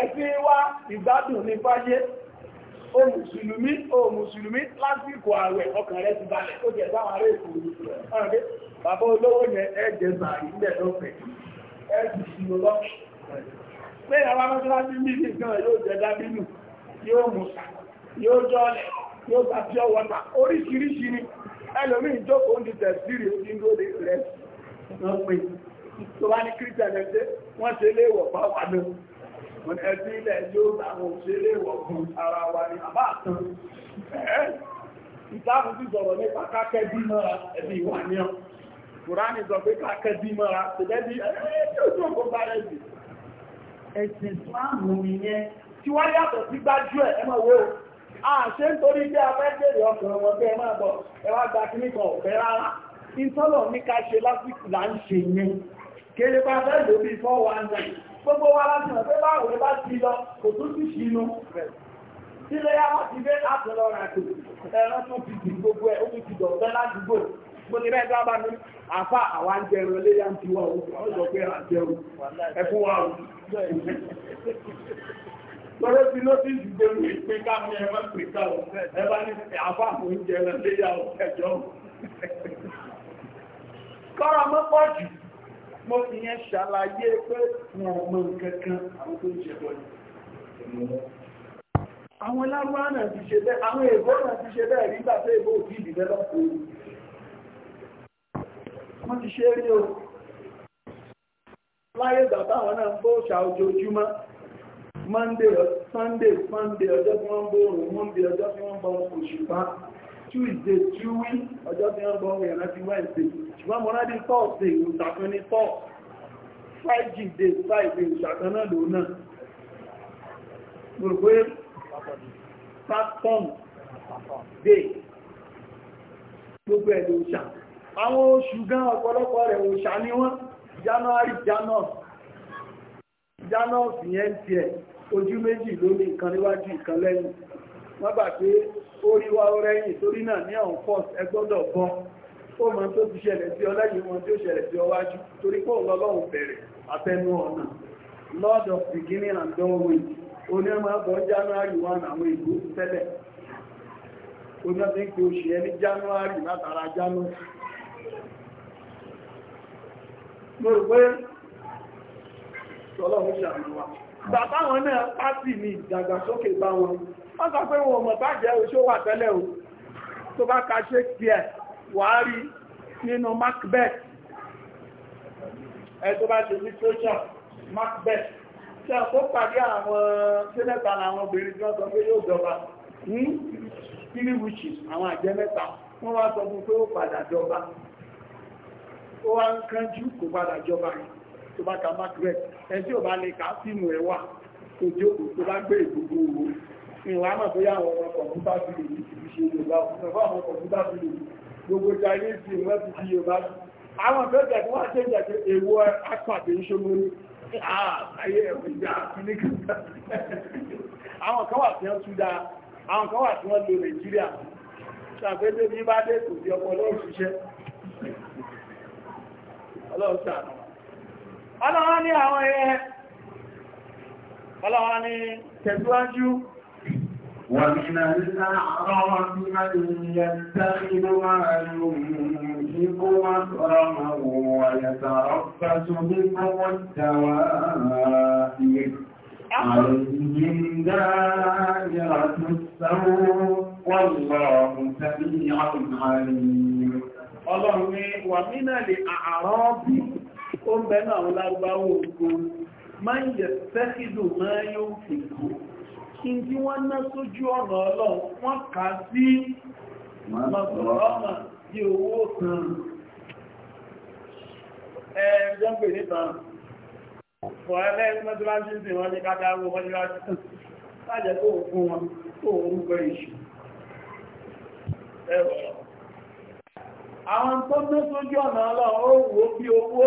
ẹ̀sìn wa ìgbádùn ní fáyé o mùsùlùmí o mùsùlùmí lásìkò ààwẹ̀ ọkàn rẹ̀ ti balẹ̀ ó jẹ̀ sáwọn ará èkó ọ̀rẹ́ bàbá olówó yẹn ẹ̀jẹ̀ sàárì ń bẹ̀ lọ́fẹ̀ẹ́ ẹ̀jẹ̀ sí lọ́ pé àwọn amọ́síláṣí mílì náà yóò jẹ dábínú yóò mùsà yóò jọ́ọ̀lẹ̀ yóò bá tí ọwọ́ ta oríṣiríṣi ni ẹlòmí ìjókòó ń di tẹ̀sírì onígbò rẹ̀ wọ́n pè tó bá ní kírísítẹ̀lẹ́sẹ̀ wọ́n ṣe léèwọ̀ fáwọn àdó wọ́n ẹbí ilẹ̀ yóò dáwọn òṣèré ìwọ̀kùn ara wa ni àbá àtàn ìdáhùn sí sọ̀rọ̀ nípa kákẹ́ bí mọ́ra ẹbí wà ní ọ kùránì sọ pé kákẹ́ bí mọ́ra tẹ̀lẹ́bí ẹ̀ẹ́dẹ́gbẹ̀ẹ́ tó bá rẹ̀ sí ẹ̀sìn ìsìláàmù ìyẹn tí wọ́n yàtọ̀ sí gbájú ẹ̀ ẹmọ owó àṣẹ nítorí jẹ́ abẹ́gbèrè ọkùnrin wọn pé ẹ máa bọ̀ ẹ wá gba kí nìkan ọ̀fẹ́ rárá ìtọ́lọ̀ ní ká ṣe lásìkò là ń ṣe yẹn kéré bá fẹ́ lórí 419 gbogbo wa láti mọ̀ pé báwo ni bá ti lọ kò tún sí sínú sílé yá wọ́n ti gbé àtọ̀lọ́ rẹ̀ tó ẹ̀rọ tó ti di gbogbo ẹ̀ ó ti ti dọ̀tẹ́ ládùúgbò mo ní bẹ́ẹ̀ dábàá ní àfa àwa ń jẹun ilé yá ń ti wá òun ó sọ pé à ń jẹun ẹkún wa òun. Lọ́rọ́ ti nọ́tìsì gbèrú ìpín ká mo fi yẹn ṣàlàyé pé wọn ò mọ nǹkan kan àwọn tó ń ṣe bọ́ ni. àwọn lárúbáwá náà ti ṣe bẹ́ẹ̀ àwọn èbó náà ti ṣe bẹ́ẹ̀ nígbà tó èbó òbí ìdílé lọ́pọ̀ wọ́n ti ṣe rí o láyé bàbá àwọn náà ń bó ṣà ojoojúmọ́ Monday Sunday Monday, ọjọ́ tí wọ́n ń bó òun Monday ọjọ́ tí wọ́n ń bọ́ òṣùpá Tuesday Tuwi ọjọ́ tí wọ́n gbọ́n wẹ̀rẹ̀ ti Wednesday ṣùgbọ́n mo rádi Thursday ìrùsàkan ní Thor Friday day Friday ìrùsàkan náà lòun náà gbogbo platform day gbogbo ẹ̀dọ̀ òṣà àwọn oṣù gan ọ̀pọ̀lọpọ̀ rẹ̀ òṣà ni wọ́n January Janus Janus yẹn tiẹ̀ ojú méjì lórí ìkan níwájú ìkan lẹ́yìn wọ́n gbà pé oríwá wa yìí torí náà ní àwọn fọ́s ẹ bọ́ ó ma tó ti ṣẹlẹ̀ sí ọlẹ́yìn wọn tí ó ṣẹlẹ̀ sí ọwájú torí bẹ̀rẹ̀ àtẹnu ọ̀nà lord of beginning and doorway onímọ̀ january àwọn ìlú tẹ́lẹ̀ bàbá wọn náà ní ìdàgbàsókè bá wọn wọ́n sọ pé wọn mọ̀ bàjẹ́ oṣó wà tẹ́lẹ̀ o tó bá ka Shakespeare wàá rí nínú Macbeth ẹ tó bá ṣe literature Macbeth ṣe àpò pàdé àwọn sẹ́lẹ̀ta àwọn obìnrin tí wọ́n sọ pé yóò jọba ní kiri wùchì àwọn àjẹ́ mẹ́ta wọ́n wá sọ fún pé ó padà jọba ó wá ń kánjú kò padà jọba tó bá ka Macbeth ẹ tí ò bá lè kà á sínú ẹ̀ wà tó jókòó tó bá gbé ìgbogbo òwò ìwọ̀n àmà tó yà tẹ́jẹ̀ tí wọ́n tẹ́jẹ̀ pé èwo apàdé ìṣòmórí ààyè àwọn kan wà tí wọ́n tún àwọn kan wà tí wọ́n lo Nàìjíríà ṣàgbéjẹ́ bí bá dé kò sí ọpọlọ òṣìṣẹ́ ọlọ́run ọlọ́run ní àwọn ومن الأعراب من يتخذ ما وينفق مكرمه ويتربس بكم التوائم عليهم دائرة السوء والله سميع عليم اللهم ومن الأعراب قم بنا أولاد من يتخذ ما ينفقه tí wọ́n ná sójú ọ̀nà ọlọ́run wọ́n kà sí mọ́sọ̀rọ̀mà bí owó kan ẹgbẹ́gbẹ̀ níta fọ́ ẹlẹ́ mọ́sílájú sí wọ́n ní kátàrù mọ́sílájú lájẹ́ tó fún wọn tó orúkọ ìṣù àwọn tó ná sójú ọ̀nà ọlọ́run ó wò bí owó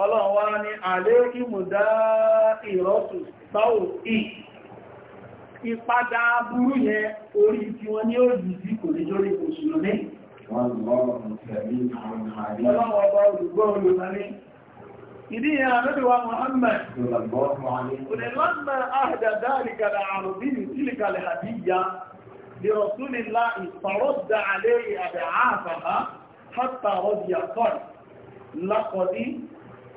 Ọlọ́run wá ní àlé ìmùdá ìrọ́tù sáò ì. Ìpadà burú yẹn orí tí wọ́n ní òjì sí kò ní lórí Mùsùlùmí. Ọlọ́run ọba olùgbọ́ olùmọ́ní. Ìdí yẹn àdọ́dọ̀wà Muhammad. Olèlọ́nà àdàdà àríkàlà àrùn bí ìtìlìkàlẹ̀ àdíyà, lè rọ̀ حتى رضي قال لقد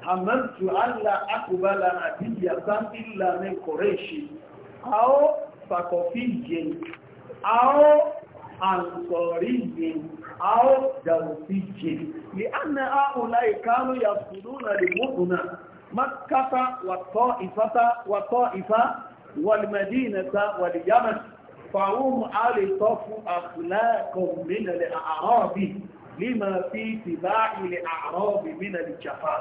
هممت لا أقبل هدية إلا من قريش أو ثقفي أو أنصاري أو دوسي لأن هؤلاء كانوا يفسدون لمدن مكة والطائفة والطائفة والمدينة واليمن فهم على طف أخلاق من الأعراب lima fi tiba ilẹ̀ àrọ́ bí mínà lè jàfà.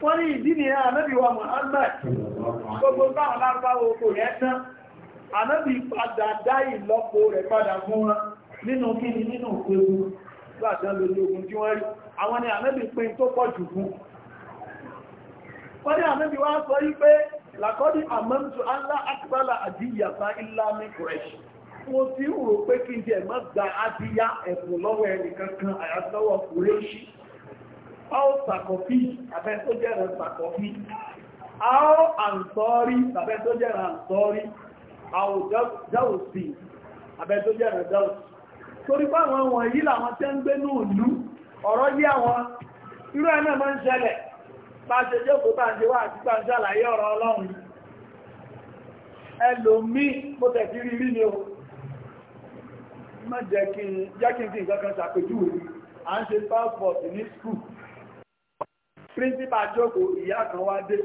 Wọ́n ní ìdí ni a nábi wa Muhammad, gbogbo báwọn lágbàwò oko rẹ̀ tán, a nábi padà dá ìlọ́po rẹ̀ padà fún wọn nínú kíni nínú òkèwú láàdá lórí ogun tí wọ́n rí. Àwọn ni a pin tó pọ̀ jù fún. Wọ́n ní a nábi sọ mo ti ń rò pé kí n jẹ́ mọ́ gba adíyá ẹ̀bùn lọ́wọ́ ẹnìkan kan àyàtọ́wọ́ kùrẹ́ṣì ọ́ sàkọ̀fí àbẹ́ tó jẹ́rẹ̀ sàkọ̀fí ọ́ àǹtọ́rí àbẹ́ tó jẹ́rẹ̀ àǹtọ́rí àwọ̀ dáòsì àbẹ́ tó jẹ́rẹ̀ dáòsì torí báwọn wọ̀nyí làwọn tẹ́ ń gbé ní òlú ọ̀rọ̀ yí àwọn irú ẹ̀mẹ́ mọ́ ń ṣẹlẹ̀ bá ṣe jókòó bá ń ṣe wá àti bá ń ṣàlàyé ọ̀rọ̀ ọlọ́run ẹlòmí mo tẹ̀ rí rí ni o má jẹ́ kí n jẹ́ kí n fi nǹkan kan ṣàpèjúwe à ń ṣe passport ní school principal jókòó ìyá kan wá dé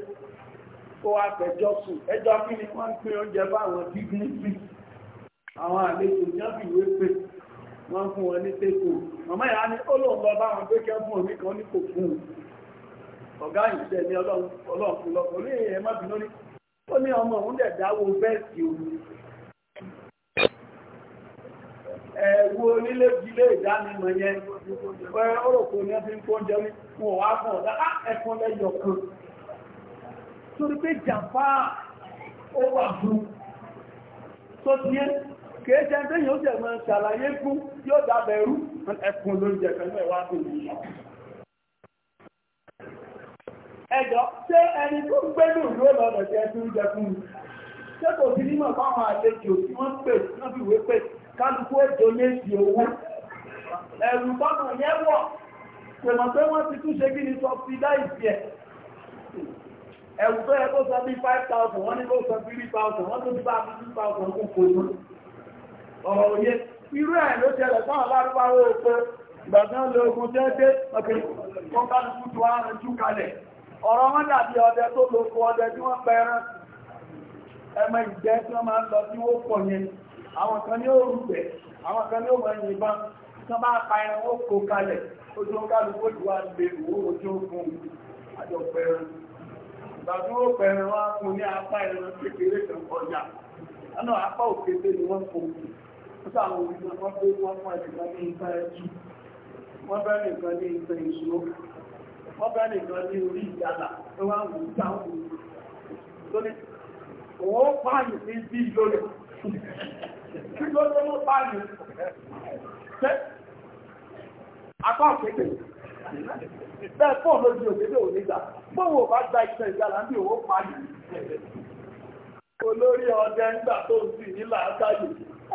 kó wá fẹjọ́ sùn ẹjọ́ kí ni wọ́n ń pín oúnjẹ fáwọn dignity àwọn àlejò jábì ìwé pé wọ́n fún wọn ní tẹ́kò màmá ìyá ni ó lóun lọ báwọn pé kẹ́ fún omi kan ní kò fún un ọ̀gá ìṣẹ́ ní ọlọ́run lọ́kọ̀ ní èèyàn má bínú ní ó ní ọmọ òun dẹ̀ dáwó bẹ́ẹ̀sì òun ẹ̀wú onílé ilé ìdánimọ̀ yẹn oròkò ní ẹbí ń kó oúnjẹ ní wọn wá fún ọ̀dá ẹ̀kún lẹ́yọ kan torí pé jàǹfà ó wà fún tó ti yẹ kìí jẹ́ tí yóò jẹ́ mọ́ ṣàlàyé fún yóò dábẹ̀rú ẹkùn lóúnjẹ pẹ̀lú ẹ̀wà tó yìí ẹjọ́ ṣé ẹni tó ń gbé ní ìlú ọlọ́dọ̀ jẹ́ tó ń jẹ fún mi ṣé kò sí nímọ̀ fáwọn àlejò tí wọ́n pè wọ́n fi wé kálukú ètò méjì owó ẹ̀rù tọ́nà yẹn wọ̀ pèmọ̀ pé wọ́n ti tún ṣe kí ni subsidize ẹ̀ ẹ̀rù tó yẹ kó sọ bí 5,000 wọ́n ní kó sọ bí 3,000 wọ́n tó bí bá bí 2,000 kún kò tó ọ̀rọ̀ òye irú ẹ̀ ló ṣẹlẹ̀ sáwọn lárúbáwó òpó ìgbàgbọ́n lo ogun déédé ọkẹ̀ wọ́n bá lùkú tó ààrùn jú kalẹ̀ ọ̀rọ̀ wọn dàbí ó pọ̀ yẹn àwọn kan ní òòrùn àwọn kan ní òòrùn ẹ̀yìn ìbọn tán bá pa ẹran ó kó kalẹ̀ ojú ó kálù jù wá lè wò ojú ó àjọ pẹ̀rẹ̀ ìgbà ó pẹ̀rẹ̀ wá ní apá ẹran kékeré kan kọjá apá òkété ni wọ́n kó ó sàwọn òbí wọn pé wọ́n fún ẹnìkan ní nǹkan ẹjú wọ́n bẹ́ nìkan ní kí ló dé báyìí ṣe apá òkèdè bẹ́ẹ̀ fún olójú òkèdè ònígbà bóun bá gba iṣẹ́ owó olórí ọdẹ tó ń sì ní làákàyè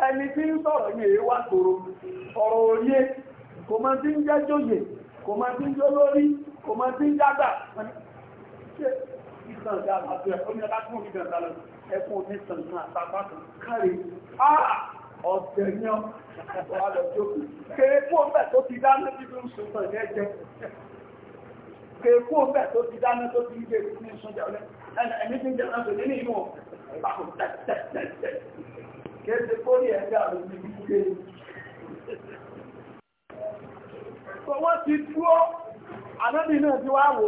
ẹni tí ń sọ̀rọ̀ yìí wá tòrò ọ̀rọ̀ òye kò ń jẹ́ jòyè kò ń lórí kò ń jágbà ìsànká àti ẹ̀kọ́ ní ẹ̀kọ́ ní ìgbẹ̀ta lọ ẹkùn ní ìsànká àtàpá kárí ọ̀tẹ̀ ní ọ̀pọ̀ alọ̀jókù kéèkó mẹ́ tó ti dáná tí ó ń sọ́tọ̀ ẹ̀jẹ́ kéèkó mẹ́ tó ti dáná tó ti ilé ní ìsúnjẹ́ ọ̀lẹ́ ẹni tí ń jẹ́ ọ̀nà tó ní inú ọ̀pọ̀ tẹ̀tẹ̀tẹ̀ kéèkó kórí ẹ̀jẹ́ àrùn ní ìgbé wọ́n ti dúró ànábì náà ti wá wò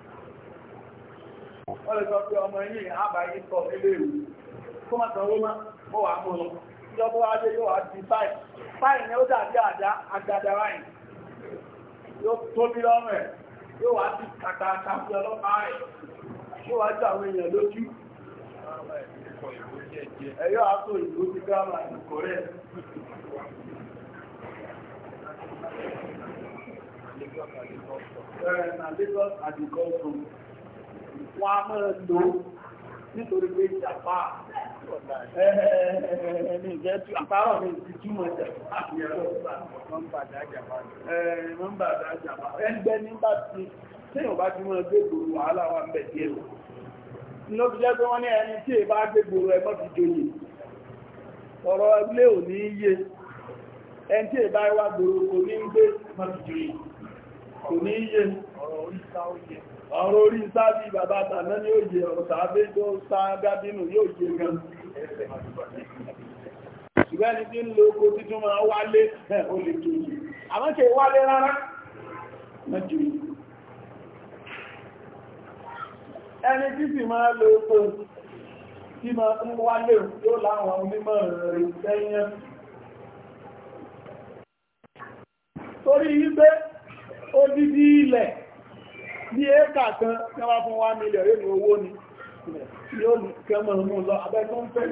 wọ́n lè ọmọ yìí àbáyé sọ ilé ìwé kó má sanwó má lọ ìjọba ajé yóò wá di báyìí báyìí ni ó dàbí àdá agbada báyìí yóò tóbi lọ́rùn yóò wá di kàkàkà fún ọlọ́pàá yóò wá èèyàn lójú wọ́n á máa lò ó nítorí pé jàpá ẹni ìjẹ́ tí àpárọ̀ mi ti túmọ̀ jàpá ẹgbẹ́ nígbà tí téèyàn bá ti máa gbégbòrò wàhálà wà ń bẹ̀ díẹ̀ lọ ló fi jẹ́ pé wọ́n ní ẹni tí èbá gbégbòrò ẹgbọ́n ti joyè ọ̀rọ̀ ilé ò ní yé ẹni tí èbá wà gbòrò kò ní ń gbé ẹgbọ́n ti joyè kò ní yé ọ̀rọ̀ orí sáwọ́ yẹ Ọrụ orí sáàbí bàbá tàná ní òye ọ̀rọ̀ abé tó sáágá dínú yóò jẹ gan ni tí ń lo oko títún máa wálé ó lè kéèké wálé rárá ẹni tí sì máa tí ma ń wálé yóò láwọn onímọ̀ rẹ̀ torí bí éka kan tí wọ́n fún wá mílíọ̀ yóò ní owó ni yóò ní kẹmọ̀ mú lọ abẹ́ tó ń fẹ́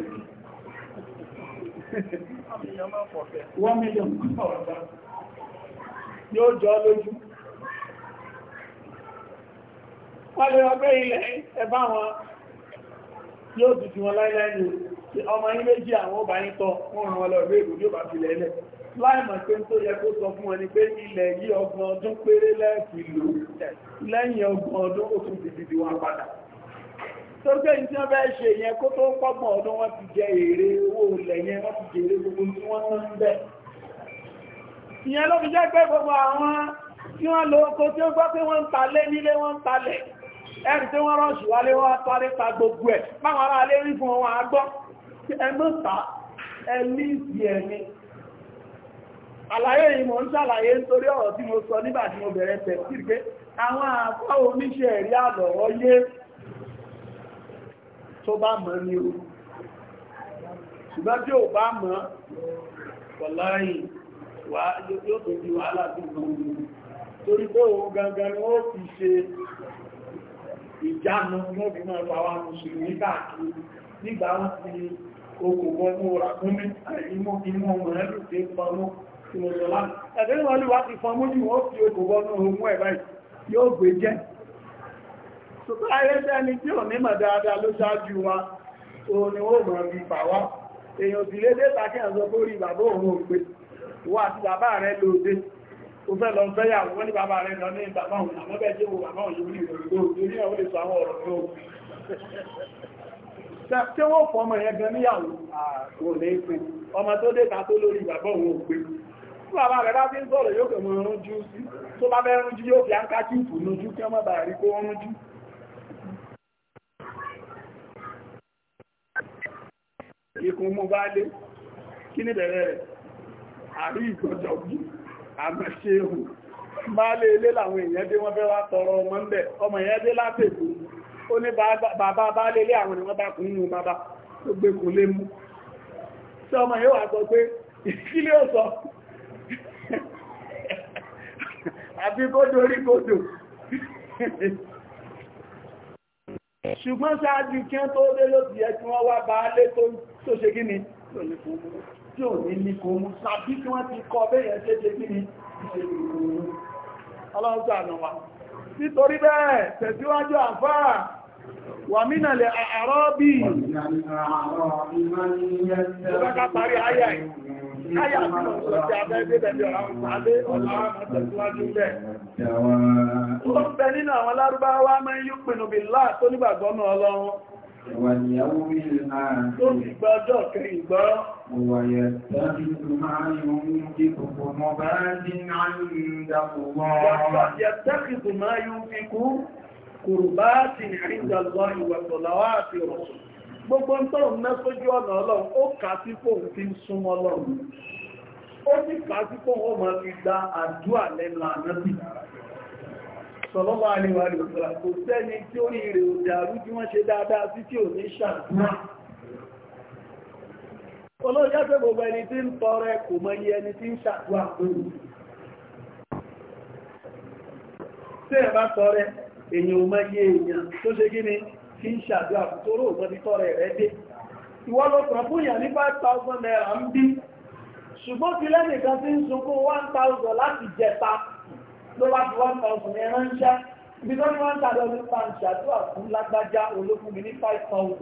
sí wọ́n mílíọ̀n yóò jọ lójú wọ́n lè ọgbẹ́ ilẹ̀ ẹbá wọn yóò tutù wọn láìláìlú ọmọ yí méjì àwọn ọba yí tọ́ wọ́n rán wọn lọ láìmọ̀ pé tó yẹ kó sọ fún ẹni pé ilẹ̀ yí ọgbọ̀n ọdún péré lẹ́ẹ̀kì lò lẹ́yìn ọgbọ̀n ọdún ó tún ti dìdì wọn padà tó gbé ní tí wọ́n bẹ́ẹ̀ ṣe yẹn kó tó pọ́gbọ̀n ọdún wọ́n ti jẹ èrè owó ilẹ̀ yẹn wọ́n ti jẹ èrè gbogbo tí wọ́n ń bẹ́ ìyẹn ló fi jẹ́ pé gbogbo àwọn tí wọ́n lo oko tí ó gbọ́ pé wọ́n ń talé nílé wọ́n ń talẹ̀ ẹ̀rì tí wọ́n rọ́ṣù wálé wọ́n tọ́rí pa gbogbo ẹ̀ báwọn ará alé rí fún wọn àgbọ́ ẹgbọ́ta ẹ̀lí ìsì ẹ̀mí àlàyé yìí mo ń ṣàlàyé nítorí ọ̀rọ̀ tí mo sọ nígbà tí mo bẹ̀rẹ̀ tẹ̀ sí pé àwọn àfọ́ oníṣẹ́ ẹ̀rí àlọ́wọ́ yé tó bá mọ̀ ní o ṣùgbọ́n tí ò bá mọ̀ pọ̀lọ́yìn yóò tó di wàhálà tó gbogbo torí pé òun gangan ni ó fi ṣe ìjánu ní òbí náà lọ àwọn mùsùlùmí káàkiri nígbà tí mo sọ láti ẹ̀dẹ́ wọn lè wá ti fọn mójú wọn fi okò wọnú ohun ẹ̀ báyìí yóò gbé jẹ́ ṣùgbọ́n ayẹ́sẹ́ ni tí ò nímọ̀ dáadáa ló ṣáájú wa òun ni wọ́n mọ̀ bí bà wá èèyàn sì lédè tàkì àzọ tó rí bàbá òun òpè wà àti bàbá rẹ̀ lóde ó fẹ́ lọ fẹ́ yà wọ́n ní bàbá rẹ̀ lọ ní bàbá òun àmọ́ bẹ́ẹ̀ tí ó bàbá òun yóò ní ìròyìn lóde ní àwọn èso àwọn ọ̀rọ̀ tó tí wọ́n fọ́ ọmọ yẹn gan níyàwó àwọn òun ní pé ọmọ tó dé ta tó tí bàbá rẹ̀ bá fi ń sọ̀rọ̀ yóò kẹ̀mọ̀ rúnjú sí tó bá bẹ́ rúnjú yóò fi áńká kíìpù lójú kí ọmọ bàá rí kó rúnjú ikun mú bá lé kí ní bẹ̀rẹ̀ rẹ̀ àrí ìgbọ́jọ̀ bí àmàṣe ohun bá lé ilé làwọn èèyàn dé wọ́n fẹ́ wá tọrọ ọmọ ń bẹ̀ ọmọ èèyàn dé látẹ̀kù ó ní bàbá bá lé ilé àwọn ìwọ́n bá kún nínú bàbá tó gbé kún lé mú tí ọmọ yóò wà sọ pé ìkílé ò sọ àbí kódò orí kódò ṣùgbọ́n sáájú kí wọ́n tó dé ló ti yẹ wọ́n wá bá lé tó ṣe kí ni tí ò ní ní kò mú sàbí kí wọ́n ti kọ bẹ́yẹn ṣe ṣe kí ni ọlọ́ọ̀sọ̀ àná wa nítorí bẹ́ẹ̀ tẹ̀síwájú àfáà wà mínà lè àárọ́ bí Káyà tí ó sọ ti abẹ́ ilé bẹ̀bẹ̀ àwọn pàdé ọ̀lá àwọn tẹ̀síwájú bẹ̀. Ó ń bẹ nínú àwọn lárúbáwá máa ń yúpinnu bí láà tó nígbàgbọ́ náà lọ́wọ́. Tó ti gbọ́jọ́ kẹrin gbọ́. Wọ̀yẹ̀ tẹ́kìtù máa yún gbogbo ń tó ná sójú ọ̀nà ọlọ́run ó kà sí fóun fi ń súnmọ́ ọlọ́run ó sì kà sí fóun ó máa fi gba àdúrà lẹ́nu ànábì sọlọ́wọ́ àríwá rẹ̀ òṣèlú kò sẹ́ni tí ó rí rẹ̀ òdàrú tí wọ́n ṣe dáadáa sí tí ò ní ṣàdúrà olóòjá pé gbogbo ẹni tí ń tọrẹ kò mọ iye ẹni tí ń ẹ̀ bá tọrẹ èèyàn ò mọ iye èèyàn tó ṣe kí tí ń ṣàdó àbútóró ògbọ́n ti rẹ̀ dé ìwọ́n fún ìyàn ní 5,000 naira ń bí ṣùgbọ́n ti lẹ́nìkan tí ń sunkún 1,000 láti jẹta ló bá fi 1,000 ẹran ṣá ibi tó ní wọ́n ọdún pa ń ṣàdúrà fún lágbájá olókùn mi ní 5,000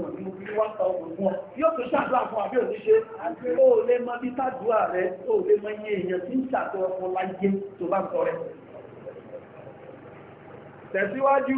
tẹ̀síwájú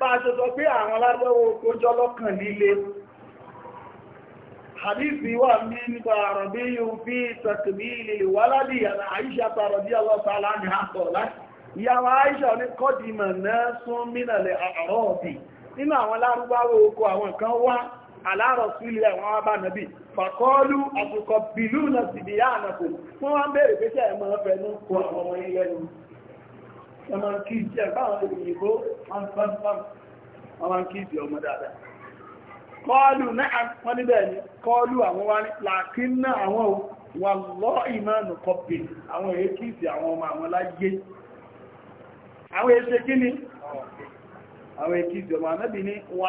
bá ṣe sọ pé àwọn lárúbáwá oko jọ lọ́kàn líle hadithi wà ní nípa àrọ̀bí yóò fi tàkìmí ilé wáládì àti àìṣà tàrọ̀bí ọlọ́sàlá ní àpọ̀ láti ìyàwó àìṣà ní kọ́dìmọ̀ náà sún mínàlẹ̀ àrọ̀ nínú àwọn lárúbáwá oko àwọn wá aláàrọ̀ sílẹ̀ àwọn fàkọ́ọ́lú àtùkọ̀ náà sì ẹmọ kí jẹ́ báwọn òyìnbó wọn kí jẹ́ ọmọ dáadáa kọlu náà wọ́n níbẹ̀ ni kọlu àwọn wá ní làkín náà àwọn wà lọ́ kọpì àwọn èyí kí àwọn ọmọ àwọn láyé àwọn èyí ṣe kí ni àwọn èyí kí ọmọ anábì ní wà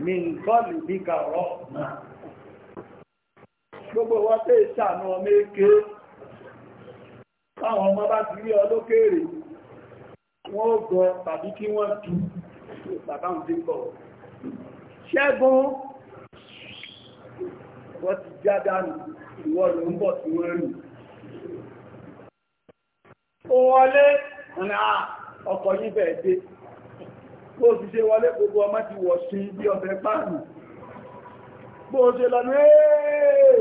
nǹkan gbogbo wọ́n tẹ́ ìṣàánú ọmọ èké táwọn ọmọ bá ti rí ọlókèèrè wọ́n ó gọ tàbí kí wọ́n tú bàbáhùn tí kọ̀ ṣẹ́gun wọ́n ti já dánù ìwọ̀n ló ń bọ̀ tí wọ́n rìn ó wọlé ọ̀nà ọkọ̀ yíbẹ̀ dé bó ti ṣe wọlé gbogbo ọmọ ti wọ̀ sí bí ọ̀fẹ́ páàlù gbogbo o ṣe lọ ní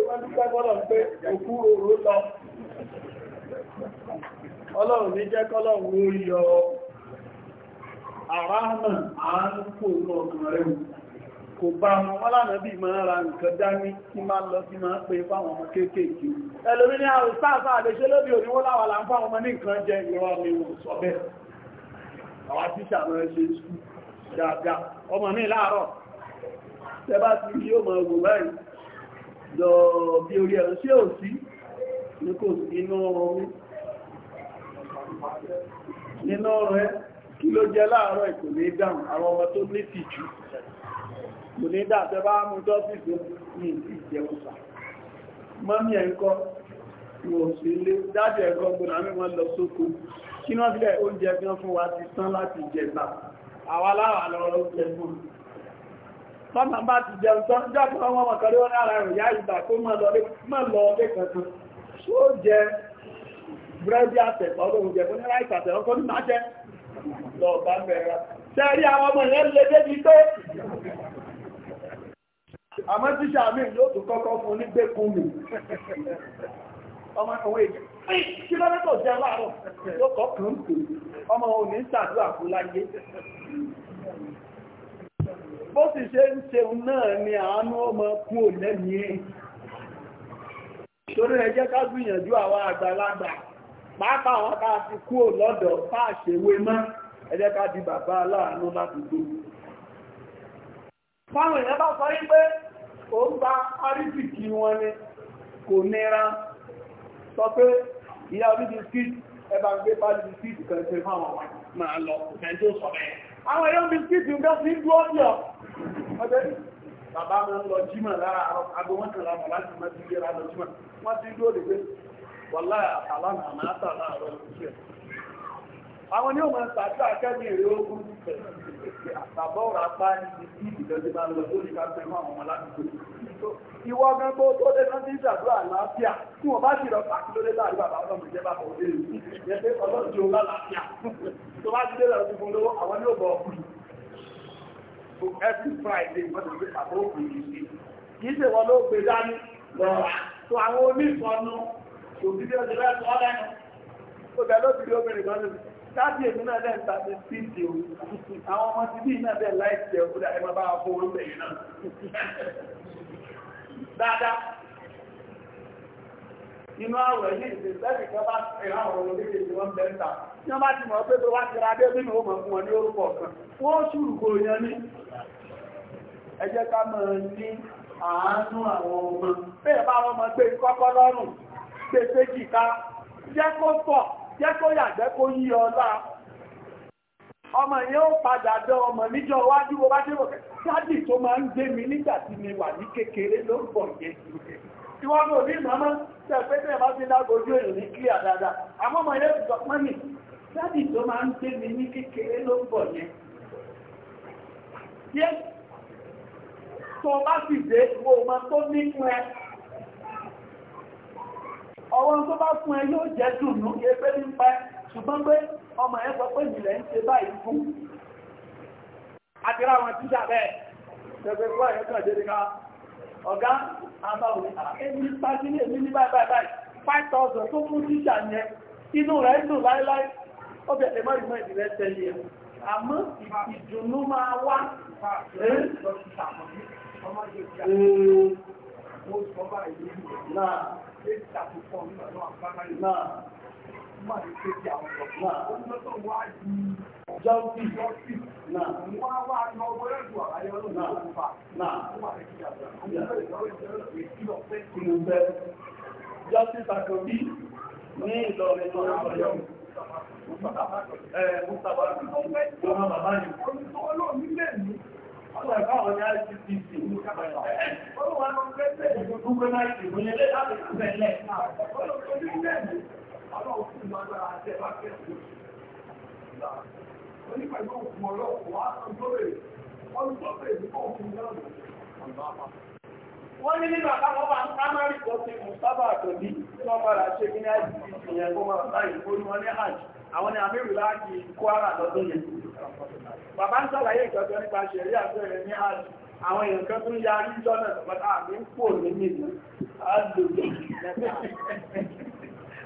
wọ́n ti pẹ́ bọ́lọ̀ pé lọ jẹ́ kọ́lọ́run yọ àrámà àánú kò lọ rẹ̀ kò bá wọn wọ́n lánàá ra nǹkan dání tí máa lọ sí máa pé fáwọn ọmọ kéékèèké ẹlòmí ní sáàsá lóbi òní wọ́n ń fáwọn ọmọ ní nǹkan jẹ ìrọ̀ mi sọ bẹ́ẹ̀ tẹ́bá ti rí yóò máa wò báyìí lọ bí orí ẹ̀rùn sí ò sí ní kò sí inú ọrùn nínú ọrùn ẹ kí ló jẹ láàárọ̀ kò ní dáhùn àwọn ọmọ tó ní tìjú kò ní dá tẹ́bá mú dọ́fíìsì ní ìjẹun sà mọ́mí ẹ̀ ń kọ́ wọ́n sí ilé dájẹ̀ ẹ̀kọ́ gbọ́nà mímọ́ lọ sókò kí wọ́n fi oúnjẹ gan fún wa ti tán láti jẹta àwa láwà lọ́rọ̀ oúnjẹ fún bọ́nà bá ti jẹun tán jọ́kùn ọmọ ọmọkọ̀rí wọn ara rẹ̀ yá ìgbà kó mọ́ lọ ọdé kankan tó jẹ búrẹ́dì àtẹ̀kọ́ lóhun jẹ fún nílá ìtàtẹ̀ ọkọ̀ ní máa jẹ lọ bá mẹ́ra tẹ́rí àwọn ọmọ ìyẹn lè débi tó àmọ́ tún kọ́kọ́ fún bó sì ṣe ń ṣeun náà ni àánú ọmọ kú ò lẹ́mí ẹ̀ torí ẹ jẹ́ ká gbìyànjú àwọn àgbàlagbà pàápàá àwọn tá a ti kú ò lọ́dọ̀ bá mọ́ di bàbá aláàánú láti gbó fáwọn èèyàn bá sọ wípé ó ń wọn ni nira sọ pé ìyá ẹ bá gbé bá kan ṣe fáwọn máa lọ sọ àwọn èèyàn bí sí ìdúgbà sí ìdú ọ́díọ̀ ọjọ́ bàbá mọ́ lọ jímọ̀ lára àgbò wọn kàn lára láti mọ́ sí ilé ra lọ jímọ̀ wọ́n ti dúró dègbé wọ́lá àlànà àmà àtàlà àrọ̀ ìṣẹ́ àwọn ni ó mọ̀ tàbí akẹ́bí èrè ogun tẹ̀ àtàbọ̀rọ̀ apá ní ibi ìdọ́jú bá lọ lórí ká tó ìwọ ọgán tó tó lé náà ní ìṣàdúrà àlàáfíà tí wọ́n bá sì rọ pàtó lé láàrin bàbá ọlọ́mọ ìjẹba kò dé ìlú yẹ pé ọlọ́run ti ọlá àlàáfíà tó bá ti dé lọ fún lówó àwọn yóò bọ ọkùnrin to every friday wọ́n ti gbé pàtó òkùnrin sí kì í ṣe wọn ló gbé dání lọ́ra tó àwọn onífọ̀nù kò sí bí ọjọ́ bẹ́ẹ̀ tó lẹ́nu tó bẹ́ẹ̀ ló ti di obìnrin kan lóbi láti èmi náà lẹ́yìn tàbí síìtì o àwọn ọmọ ti bí náà bẹ́ẹ̀ láì tẹ̀ ọ́ Dada, inú àwọ̀ yìí ìgbésẹ́rì kan bá ìran ọ̀rọ̀ lórílẹ̀ èdè wọn bẹ́ẹ̀ ta tí wọ́n bá ti mọ̀ pé tó wá ti ra dé nínú ọmọ fún wọn ní orúkọ kan wọ́n ṣùrù kò yan ní ẹ jẹ́ ká mọ̀ ní àánú àwọn ọmọ bẹ́ẹ̀ bá wọn mọ̀ pé kọ́kọ́ ọmọ yẹn ó padà dán ọmọ níjọ wájú wo bá ṣe rò dádì tó máa ń gbé mi nígbà tí mi wà ní kékeré ló ń bọ̀ yẹn tí wọ́n lò ní màmá tẹ̀ pé tẹ̀ bá ti lágojú èrò ní kílíà dáadáa àmọ́ ọmọ yẹn ti sọ pé mi dádì tó máa ń gbé mi ní kékeré ọwọ́n tó bá fún ẹ yóò jẹ́ dùnú ẹgbẹ́ nípa ṣùgbọ́n pé ọmọ ẹ̀ sọ pé ìlẹ̀ ń ṣe báyìí fún àtìrá àwọn tíṣà bẹ́ẹ̀ tẹ̀sẹ̀ fún ẹ̀yọ́ kan jẹ́ nípa ọ̀gá àbáwọ̀ ẹni pàṣẹ ní èmi ní báyìí báyìí five thousand tó fún tíṣà yẹn inú rẹ̀ ń dùn láíláí ó bẹ̀rẹ̀ mọ́ ìmọ̀ ìdílé tẹ̀lé ẹ̀ àmọ́ ìdùnnú máa wá Náà máa ti ṣe ti àwọn ọ̀dọ́ náà ó ní lọ́tọ̀ wá di jọ́ọ̀tì jọ́ọ̀tì náà wá wá lọ wọlé ìlú àbáyọ lónìí náà ló fà náà ó wà ní kíkà jọ àwọn ọ̀dọ́ ìjọba ìjọba ìjọba Ọlọ́run fún ìmọ̀ agbára àti ẹ̀bá kẹ́kọ̀ọ́. Onípa ìgbọ́ òkú ọlọ́pọ̀ wá ọjọ́ bèrè. Ọdún tó bèrè ní kọ́ òkú náà Wọ́n ní nígbà táwọn bá ń primary kọ́ sí Mùsábà Àtòbí tí wọ́n padà ṣe kí ní àjì ìyẹn kó máa báyìí kó ní wọ́n ní àjì. Àwọn ni àmì ìrù láti Kwara lọ́dún yẹn. Bàbá ń sàlàyé ìjọba nípa ṣẹ̀rí àgbẹ̀rẹ̀ ní àjì àwọn èèyàn kan tó yarí jọ́nà tọ́pátá àmì ń pò ní nìyí. Á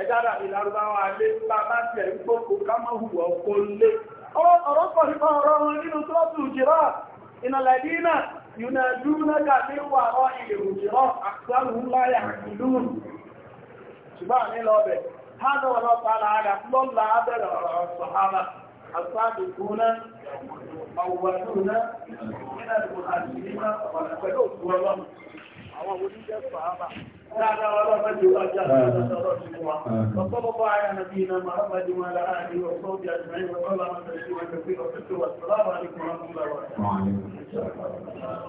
ẹ̀dára ìlàrúbáwà lé bá bá tẹ̀ ń gbókò kámọ́ hùwà ọkọ̀ lé ọ̀rọ̀ pọ̀ nípa ọ̀rọ̀ wọn nínú tọ́ọ̀tù jìrá ìnàlẹ̀dínà yunadúnaka ní wà ọ́ ìlú jìrá àkùsàlùú láyà ìlú ṣùgbọ́n ní lọ́bẹ̀ hádọ̀ ọlọ́pàá láàrá lọ́lá abẹ́rẹ̀ ọ̀rọ̀ sọ̀hárà الصادقون أولون من المهاجرين ولا فلوس والله àwọn oníjẹ́ sàábà dáadáa ọlọ́pàá ti wá jáde lọ́dọ̀ sí wa ọ̀pọ̀lọpọ̀ ayé ànàbí iná màáfà di wọn lára àdé ọ̀pọ̀ bí àjùmáyé wọn lọ́la wọn tẹ̀lé wọn tẹ̀lé wọn tẹ̀lé wọn tẹ̀lé wọn tẹ̀lé wọn tẹ̀lé wọn tẹ̀lé wọn